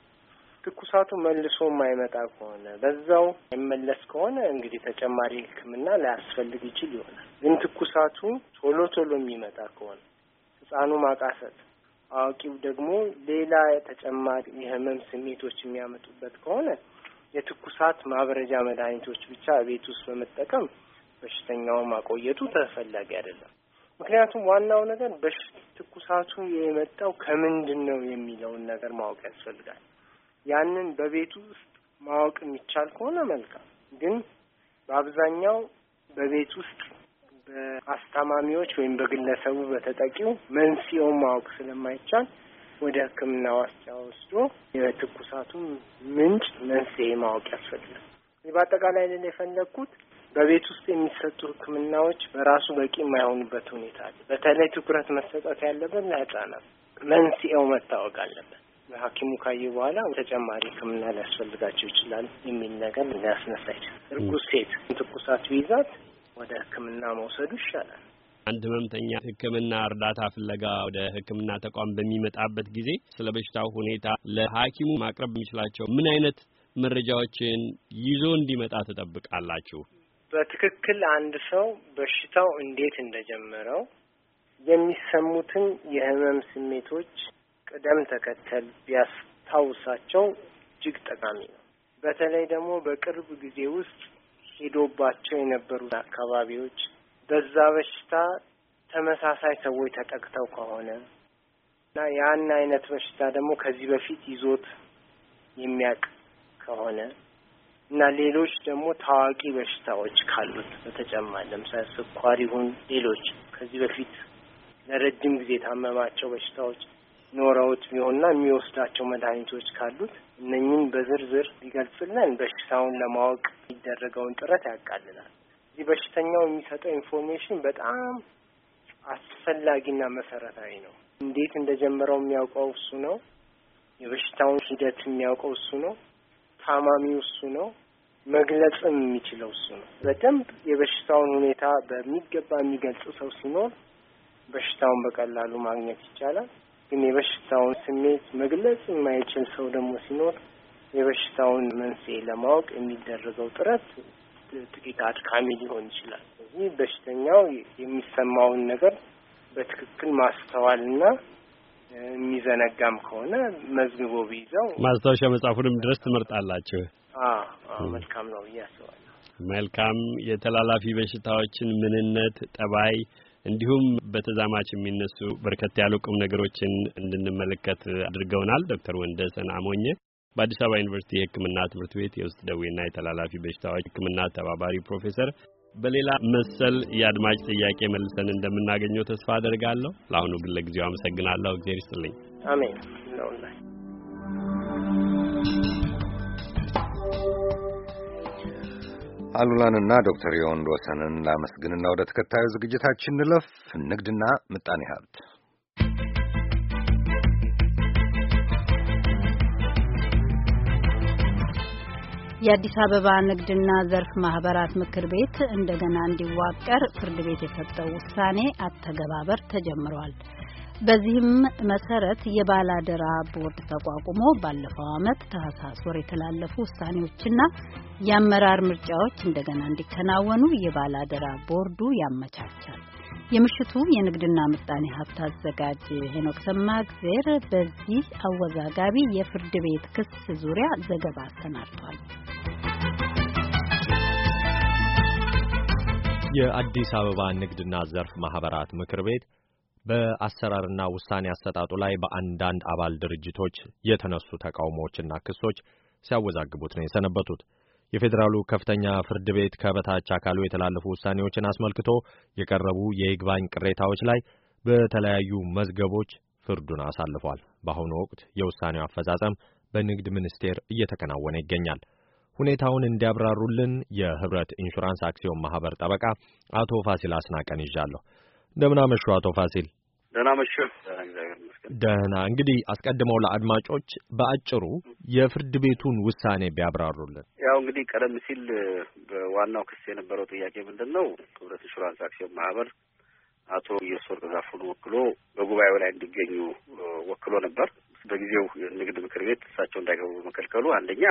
ትኩሳቱ መልሶ የማይመጣ ከሆነ በዛው የመለስ ከሆነ እንግዲህ ተጨማሪ ሕክምና ላያስፈልግ ይችል ይሆናል። ግን ትኩሳቱ ቶሎ ቶሎ የሚመጣ ከሆነ ህጻኑ ማቃሰት፣ አዋቂው ደግሞ ሌላ ተጨማሪ የህመም ስሜቶች የሚያመጡበት ከሆነ የትኩሳት ማብረጃ መድኃኒቶች ብቻ ቤት ውስጥ በመጠቀም በሽተኛውን ማቆየቱ ተፈላጊ አይደለም። ምክንያቱም ዋናው ነገር በትኩሳቱ የመጣው ከምንድን ነው የሚለውን ነገር ማወቅ ያስፈልጋል። ያንን በቤቱ ውስጥ ማወቅ የሚቻል ከሆነ መልካም። ግን በአብዛኛው በቤት ውስጥ በአስታማሚዎች ወይም በግለሰቡ በተጠቂው መንስኤውን ማወቅ ስለማይቻል ወደ ሕክምና ዋስጫ ወስዶ የትኩሳቱን ምንጭ መንስኤ ማወቅ ያስፈልጋል። በአጠቃላይ ልል የፈለግኩት በቤት ውስጥ የሚሰጡ ሕክምናዎች በራሱ በቂ የማይሆኑበት ሁኔታ አለ። በተለይ ትኩረት መሰጠት ያለበት ለህጻናት መንስኤው መታወቅ አለበት። ሐኪሙ ካየ በኋላ ተጨማሪ ሕክምና ሊያስፈልጋቸው ይችላል የሚል ነገር ሊያስነሳ ይችላል። እርጉዝ ሴት ትኩሳት ቢይዛት ወደ ሕክምና መውሰዱ ይሻላል። አንድ ህመምተኛ ህክምና እርዳታ ፍለጋ ወደ ህክምና ተቋም በሚመጣበት ጊዜ ስለ በሽታው ሁኔታ ለሐኪሙ ማቅረብ የሚችላቸው ምን አይነት መረጃዎችን ይዞ እንዲመጣ ትጠብቃላችሁ? በትክክል አንድ ሰው በሽታው እንዴት እንደጀመረው የሚሰሙትን የህመም ስሜቶች ቅደም ተከተል ቢያስታውሳቸው እጅግ ጠቃሚ ነው። በተለይ ደግሞ በቅርብ ጊዜ ውስጥ ሄዶባቸው የነበሩ አካባቢዎች በዛ በሽታ ተመሳሳይ ሰዎች ተጠቅተው ከሆነ እና ያን አይነት በሽታ ደግሞ ከዚህ በፊት ይዞት የሚያውቅ ከሆነ እና ሌሎች ደግሞ ታዋቂ በሽታዎች ካሉት በተጨማሪ ለምሳሌ ስኳር ይሁን ሌሎች ከዚህ በፊት ለረጅም ጊዜ የታመማቸው በሽታዎች ኖረውት ቢሆንና የሚወስዳቸው መድኃኒቶች ካሉት እነኝን በዝርዝር ሊገልጽልን በሽታውን ለማወቅ የሚደረገውን ጥረት ያቃልላል። እዚህ በሽተኛው የሚሰጠው ኢንፎርሜሽን በጣም አስፈላጊና መሰረታዊ ነው። እንዴት እንደጀመረው የሚያውቀው እሱ ነው። የበሽታውን ሂደት የሚያውቀው እሱ ነው። ታማሚው እሱ ነው። መግለጽም የሚችለው እሱ ነው። በደንብ የበሽታውን ሁኔታ በሚገባ የሚገልጽ ሰው ሲኖር በሽታውን በቀላሉ ማግኘት ይቻላል። ግን የበሽታውን ስሜት መግለጽ የማይችል ሰው ደግሞ ሲኖር የበሽታውን መንስኤ ለማወቅ የሚደረገው ጥረት ጥቂት አድካሚ ሊሆን ይችላል። ስለዚህ በሽተኛው የሚሰማውን ነገር በትክክል ማስተዋል እና የሚዘነጋም ከሆነ መዝግቦ ቢይዘው ማስታወሻ መጽሐፉንም ድረስ ትመርጣላችሁ። መልካም ነው ብዬ አስባለሁ። መልካም የተላላፊ በሽታዎችን ምንነት ጠባይ እንዲሁም በተዛማች የሚነሱ በርከት ያሉ ቁም ነገሮችን እንድንመለከት አድርገውናል። ዶክተር ወንደሰን አሞኘ በአዲስ አበባ ዩኒቨርሲቲ የሕክምና ትምህርት ቤት የውስጥ ደዌና የተላላፊ በሽታዎች ሕክምና ተባባሪ ፕሮፌሰር። በሌላ መሰል የአድማጭ ጥያቄ መልሰን እንደምናገኘው ተስፋ አደርጋለሁ። ለአሁኑ ግን ለጊዜው አመሰግናለሁ። እግዜር ይስጥልኝ። አሜን። አሉላንና ዶክተር የወንድ ላመስግንና ወደ ተከታዩ ዝግጅታችን እንለፍ። ንግድና ምጣኔ ሀብት የአዲስ አበባ ንግድና ዘርፍ ማህበራት ምክር ቤት እንደገና እንዲዋቀር ፍርድ ቤት የሰጠው ውሳኔ አተገባበር ተጀምሯል። በዚህም መሰረት የባላደራ ቦርድ ተቋቁሞ ባለፈው ዓመት ታህሳስ ወር የተላለፉ ውሳኔዎችና የአመራር ምርጫዎች እንደገና እንዲከናወኑ የባላደራ ቦርዱ ያመቻቻል። የምሽቱ የንግድና ምጣኔ ሀብት አዘጋጅ ሄኖክ ሰማእግዜር በዚህ አወዛጋቢ የፍርድ ቤት ክስ ዙሪያ ዘገባ አሰናድቷል። የአዲስ አበባ ንግድና ዘርፍ ማህበራት ምክር ቤት በአሰራርና ውሳኔ አሰጣጡ ላይ በአንዳንድ አባል ድርጅቶች የተነሱ ተቃውሞዎችና ክሶች ሲያወዛግቡት ነው የሰነበቱት። የፌዴራሉ ከፍተኛ ፍርድ ቤት ከበታች አካሉ የተላለፉ ውሳኔዎችን አስመልክቶ የቀረቡ የይግባኝ ቅሬታዎች ላይ በተለያዩ መዝገቦች ፍርዱን አሳልፏል። በአሁኑ ወቅት የውሳኔው አፈጻጸም በንግድ ሚኒስቴር እየተከናወነ ይገኛል። ሁኔታውን እንዲያብራሩልን የህብረት ኢንሹራንስ አክሲዮን ማህበር ጠበቃ አቶ ፋሲል አስናቀን ይዣለሁ። እንደምን አመሹ አቶ ፋሲል? ደህና መሸ። ደህና እንግዲህ አስቀድመው ለአድማጮች በአጭሩ የፍርድ ቤቱን ውሳኔ ቢያብራሩልን። ያው እንግዲህ ቀደም ሲል በዋናው ክስ የነበረው ጥያቄ ምንድን ነው? ህብረት ኢንሹራንስ አክሲዮን ማህበር አቶ ኢየሱስ ወርቅ ዛፉን ወክሎ በጉባኤው ላይ እንዲገኙ ወክሎ ነበር። በጊዜው ንግድ ምክር ቤት እሳቸው እንዳይገቡ በመከልከሉ አንደኛ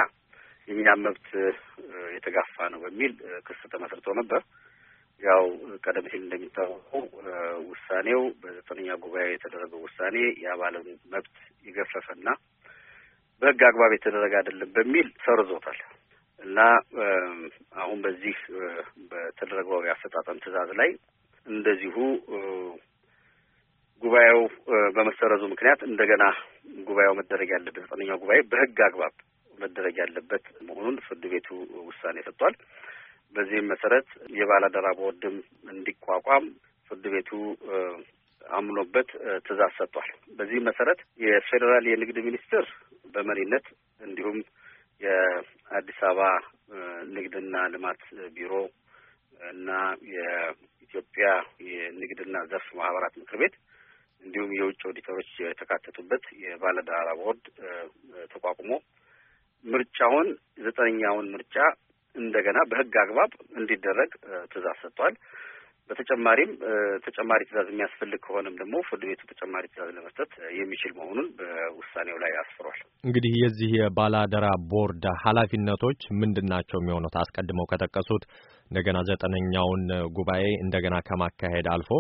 የእኛም መብት የተጋፋ ነው በሚል ክስ ተመስርቶ ነበር። ያው ቀደም ሲል እንደሚታወቀው ውሳኔው በዘጠነኛ ጉባኤ የተደረገው ውሳኔ የአባልን መብት የገፈፈና በህግ አግባብ የተደረገ አይደለም በሚል ሰርዞታል እና አሁን በዚህ በተደረገው የአፈጣጠም ትዕዛዝ ላይ እንደዚሁ ጉባኤው በመሰረዙ ምክንያት እንደገና ጉባኤው መደረግ ያለበት ዘጠነኛው ጉባኤ በህግ አግባብ መደረግ ያለበት መሆኑን ፍርድ ቤቱ ውሳኔ ሰጥቷል። በዚህም መሰረት የባለአደራ በወድም እንዲቋቋም ፍርድ ቤቱ አምኖበት ትእዛዝ ሰጥቷል። በዚህ መሰረት የፌዴራል የንግድ ሚኒስቴር በመሪነት እንዲሁም የአዲስ አበባ ንግድና ልማት ቢሮ እና የኢትዮጵያ የንግድና ዘርፍ ማህበራት ምክር ቤት እንዲሁም የውጭ ኦዲተሮች የተካተቱበት የባለአደራ ቦርድ ተቋቁሞ ምርጫውን ዘጠነኛውን ምርጫ እንደገና በህግ አግባብ እንዲደረግ ትእዛዝ ሰጥቷል። በተጨማሪም ተጨማሪ ትእዛዝ የሚያስፈልግ ከሆነም ደግሞ ፍርድ ቤቱ ተጨማሪ ትእዛዝ ለመስጠት የሚችል መሆኑን በውሳኔው ላይ አስፍሯል። እንግዲህ የዚህ የባላደራ ቦርድ ኃላፊነቶች ምንድን ናቸው የሚሆኑት? አስቀድመው ከጠቀሱት እንደገና ዘጠነኛውን ጉባኤ እንደገና ከማካሄድ አልፎ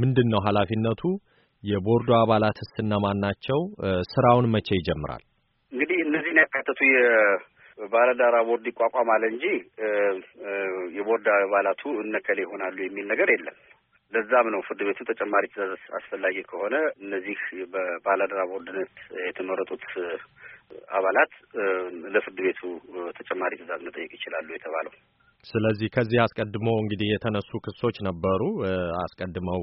ምንድን ነው ኃላፊነቱ? የቦርዱ አባላትስ እነማን ናቸው? ስራውን መቼ ይጀምራል? እንግዲህ እነዚህን ያካተቱ ባለዳራ ቦርድ ይቋቋማል እንጂ የቦርድ አባላቱ እነከሌ ይሆናሉ የሚል ነገር የለም። ለዛም ነው ፍርድ ቤቱ ተጨማሪ ትዕዛዝ አስፈላጊ ከሆነ እነዚህ በባለአደራ ቦርድነት የተመረጡት አባላት ለፍርድ ቤቱ ተጨማሪ ትዕዛዝ መጠየቅ ይችላሉ የተባለው። ስለዚህ ከዚህ አስቀድሞ እንግዲህ የተነሱ ክሶች ነበሩ። አስቀድመው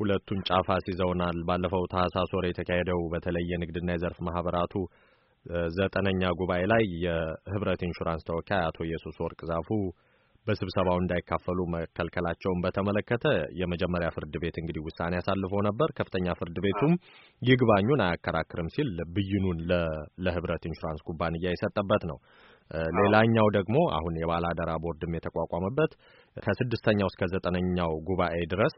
ሁለቱን ጫፍ አስይዘውናል። ባለፈው ታህሳስ ወር የተካሄደው በተለይ የንግድና የዘርፍ ማህበራቱ ዘጠነኛ ጉባኤ ላይ የህብረት ኢንሹራንስ ተወካይ አቶ ኢየሱስ ወርቅ ዛፉ በስብሰባው እንዳይካፈሉ መከልከላቸውን በተመለከተ የመጀመሪያ ፍርድ ቤት እንግዲህ ውሳኔ አሳልፎ ነበር። ከፍተኛ ፍርድ ቤቱም ይግባኙን አያከራክርም ሲል ብይኑን ለህብረት ኢንሹራንስ ኩባንያ የሰጠበት ነው። ሌላኛው ደግሞ አሁን የባለአደራ ቦርድም የተቋቋመበት ከስድስተኛው እስከ ዘጠነኛው ጉባኤ ድረስ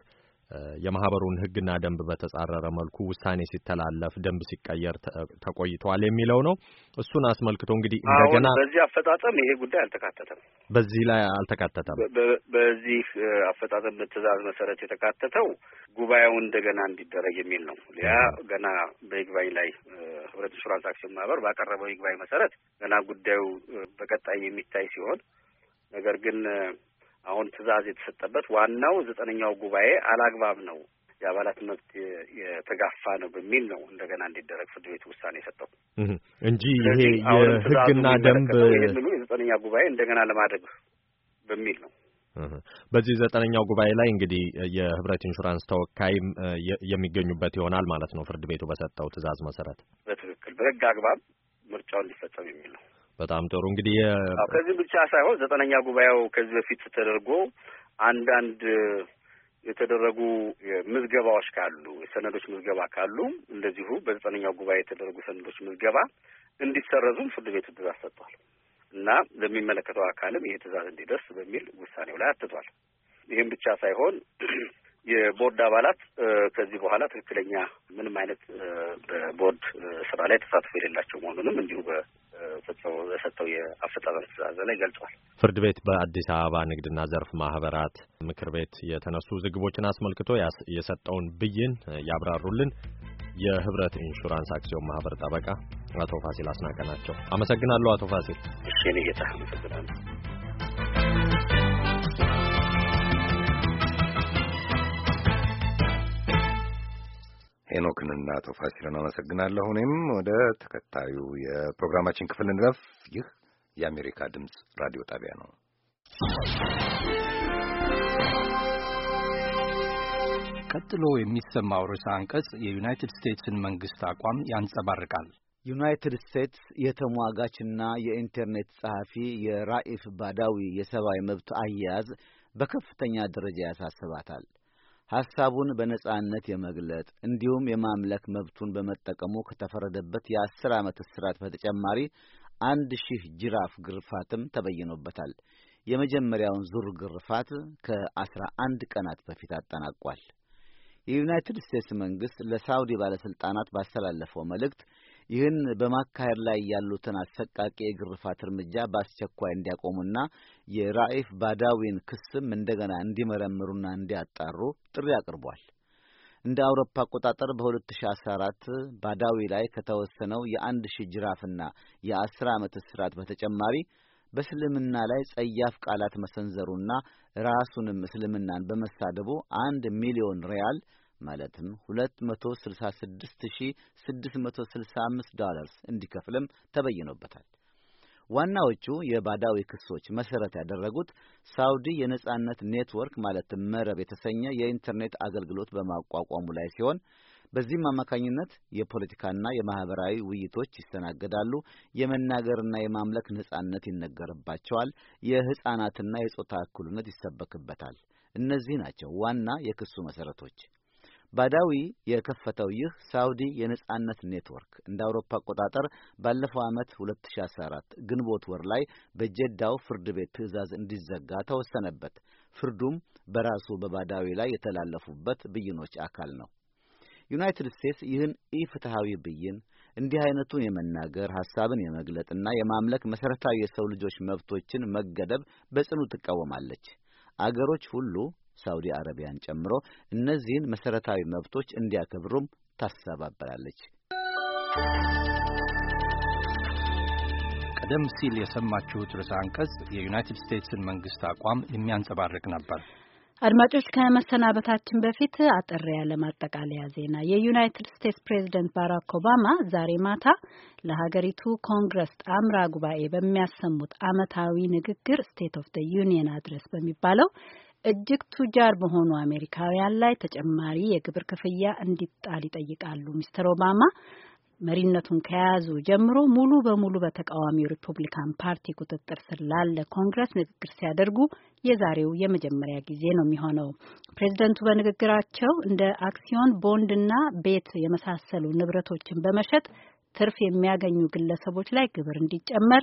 የማህበሩን ህግና ደንብ በተጻረረ መልኩ ውሳኔ ሲተላለፍ ደንብ ሲቀየር ተቆይተዋል የሚለው ነው። እሱን አስመልክቶ እንግዲህ እንደገና በዚህ አፈጣጠም ይሄ ጉዳይ አልተካተተም፣ በዚህ ላይ አልተካተተም። በዚህ አፈጣጠም በትእዛዝ መሰረት የተካተተው ጉባኤው እንደገና እንዲደረግ የሚል ነው። ያ ገና በይግባኝ ላይ ህብረት ኢንሹራንስ አክሲዮን ማህበር ባቀረበው ይግባኝ መሰረት ገና ጉዳዩ በቀጣይ የሚታይ ሲሆን ነገር ግን አሁን ትዕዛዝ የተሰጠበት ዋናው ዘጠነኛው ጉባኤ አላግባብ ነው፣ የአባላት መብት የተጋፋ ነው በሚል ነው እንደገና እንዲደረግ ፍርድ ቤቱ ውሳኔ የሰጠው እንጂ ይሄ የህግና ደንብ የዘጠነኛ ጉባኤ እንደገና ለማድረግ በሚል ነው። በዚህ ዘጠነኛው ጉባኤ ላይ እንግዲህ የህብረት ኢንሹራንስ ተወካይም የሚገኙበት ይሆናል ማለት ነው። ፍርድ ቤቱ በሰጠው ትዕዛዝ መሰረት በትክክል በህግ አግባብ ምርጫው እንዲፈጸም የሚል ነው። በጣም ጥሩ እንግዲህ ከዚህ ብቻ ሳይሆን ዘጠነኛ ጉባኤው ከዚህ በፊት ተደርጎ አንዳንድ የተደረጉ ምዝገባዎች ካሉ የሰነዶች ምዝገባ ካሉ እንደዚሁ በዘጠነኛው ጉባኤ የተደረጉ ሰነዶች ምዝገባ እንዲሰረዙም ፍርድ ቤቱ ትእዛዝ ሰጥቷል እና ለሚመለከተው አካልም ይሄ ትእዛዝ እንዲደርስ በሚል ውሳኔው ላይ አትቷል። ይህም ብቻ ሳይሆን የቦርድ አባላት ከዚህ በኋላ ትክክለኛ ምንም አይነት በቦርድ ስራ ላይ ተሳትፎ የሌላቸው መሆኑንም እንዲሁ በሰጠው የአፈጻጸም ትዕዛዝ ላይ ገልጿል። ፍርድ ቤት በአዲስ አበባ ንግድና ዘርፍ ማህበራት ምክር ቤት የተነሱ ዝግቦችን አስመልክቶ የሰጠውን ብይን ያብራሩልን የህብረት ኢንሹራንስ አክሲዮን ማህበር ጠበቃ አቶ ፋሲል አስናቀ ናቸው። አመሰግናለሁ አቶ ፋሲል። እሺ፣ እኔ ጌታ አመሰግናለሁ። ኤኖክንና ጦፋሲዮን አመሰግናለሁ። እኔም ወደ ተከታዩ የፕሮግራማችን ክፍል እንረፍ። ይህ የአሜሪካ ድምፅ ራዲዮ ጣቢያ ነው። ቀጥሎ የሚሰማው ርዕሰ አንቀጽ የዩናይትድ ስቴትስን መንግስት አቋም ያንጸባርቃል። ዩናይትድ ስቴትስ የተሟጋችና የኢንተርኔት ጸሐፊ የራኢፍ ባዳዊ የሰብአዊ መብት አያያዝ በከፍተኛ ደረጃ ያሳስባታል። ሐሳቡን በነጻነት የመግለጥ እንዲሁም የማምለክ መብቱን በመጠቀሙ ከተፈረደበት የአስር ዓመት እስራት በተጨማሪ አንድ ሺህ ጅራፍ ግርፋትም ተበይኖበታል። የመጀመሪያውን ዙር ግርፋት ከአስራ አንድ ቀናት በፊት አጠናቋል። የዩናይትድ ስቴትስ መንግሥት ለሳውዲ ባለሥልጣናት ባስተላለፈው መልእክት ይህን በማካሄድ ላይ ያሉትን አሰቃቂ የግርፋት እርምጃ በአስቸኳይ እንዲያቆሙና የራኢፍ ባዳዊን ክስም እንደገና እንዲመረምሩና እንዲያጣሩ ጥሪ አቅርቧል። እንደ አውሮፓ አቆጣጠር በ2014 ባዳዊ ላይ ከተወሰነው የአንድ ሺህ ጅራፍና የአስር ዓመት እስራት በተጨማሪ በእስልምና ላይ ጸያፍ ቃላት መሰንዘሩና ራሱንም እስልምናን በመሳደቡ አንድ ሚሊዮን ሪያል ማለትም 266665 መቶ ዶላርስ እንዲከፍልም ተበይኖበታል። ዋናዎቹ የባዳዊ ክሶች መሰረት ያደረጉት ሳውዲ የነጻነት ኔትወርክ ማለትም መረብ የተሰኘ የኢንተርኔት አገልግሎት በማቋቋሙ ላይ ሲሆን በዚህም አማካኝነት የፖለቲካና የማህበራዊ ውይይቶች ይስተናገዳሉ። የመናገርና የማምለክ ነጻነት ይነገርባቸዋል። የህፃናትና የጾታ እኩልነት ይሰበክበታል። እነዚህ ናቸው ዋና የክሱ መሰረቶች ባዳዊ የከፈተው ይህ ሳውዲ የነጻነት ኔትወርክ እንደ አውሮፓ አቆጣጠር ባለፈው ዓመት 2014 ግንቦት ወር ላይ በጀዳው ፍርድ ቤት ትዕዛዝ እንዲዘጋ ተወሰነበት። ፍርዱም በራሱ በባዳዊ ላይ የተላለፉበት ብይኖች አካል ነው። ዩናይትድ ስቴትስ ይህን ኢፍትሐዊ ብይን እንዲህ አይነቱን የመናገር ሐሳብን የመግለጥና የማምለክ መሠረታዊ የሰው ልጆች መብቶችን መገደብ በጽኑ ትቃወማለች። አገሮች ሁሉ ሳውዲ አረቢያን ጨምሮ እነዚህን መሰረታዊ መብቶች እንዲያከብሩም ታስተባብራለች። ቀደም ሲል የሰማችሁት ርዕሰ አንቀጽ የዩናይትድ ስቴትስን መንግስት አቋም የሚያንጸባርቅ ነበር። አድማጮች፣ ከመሰናበታችን በፊት አጠር ያለ ማጠቃለያ ዜና። የዩናይትድ ስቴትስ ፕሬዚደንት ባራክ ኦባማ ዛሬ ማታ ለሀገሪቱ ኮንግረስ ጣምራ ጉባኤ በሚያሰሙት ዓመታዊ ንግግር ስቴት ኦፍ ደ ዩኒየን አድረስ በሚባለው እጅግ ቱጃር በሆኑ አሜሪካውያን ላይ ተጨማሪ የግብር ክፍያ እንዲጣል ይጠይቃሉ። ሚስተር ኦባማ መሪነቱን ከያዙ ጀምሮ ሙሉ በሙሉ በተቃዋሚው ሪፑብሊካን ፓርቲ ቁጥጥር ስር ላለ ኮንግረስ ንግግር ሲያደርጉ የዛሬው የመጀመሪያ ጊዜ ነው የሚሆነው። ፕሬዚደንቱ በንግግራቸው እንደ አክሲዮን ቦንድና ቤት የመሳሰሉ ንብረቶችን በመሸጥ ትርፍ የሚያገኙ ግለሰቦች ላይ ግብር እንዲጨመር፣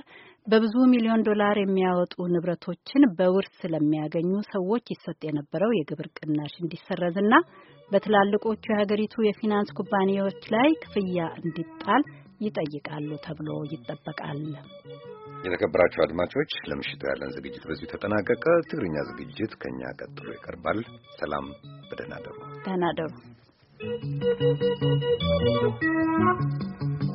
በብዙ ሚሊዮን ዶላር የሚያወጡ ንብረቶችን በውርስ ስለሚያገኙ ሰዎች ይሰጥ የነበረው የግብር ቅናሽ እንዲሰረዝና በትላልቆቹ የሀገሪቱ የፊናንስ ኩባንያዎች ላይ ክፍያ እንዲጣል ይጠይቃሉ ተብሎ ይጠበቃል። የተከበራችሁ አድማጮች፣ ለምሽቱ ያለን ዝግጅት በዚሁ ተጠናቀቀ። ትግርኛ ዝግጅት ከኛ ቀጥሎ ይቀርባል። ሰላም፣ በደህና ደሩ። ደህና ደሩ።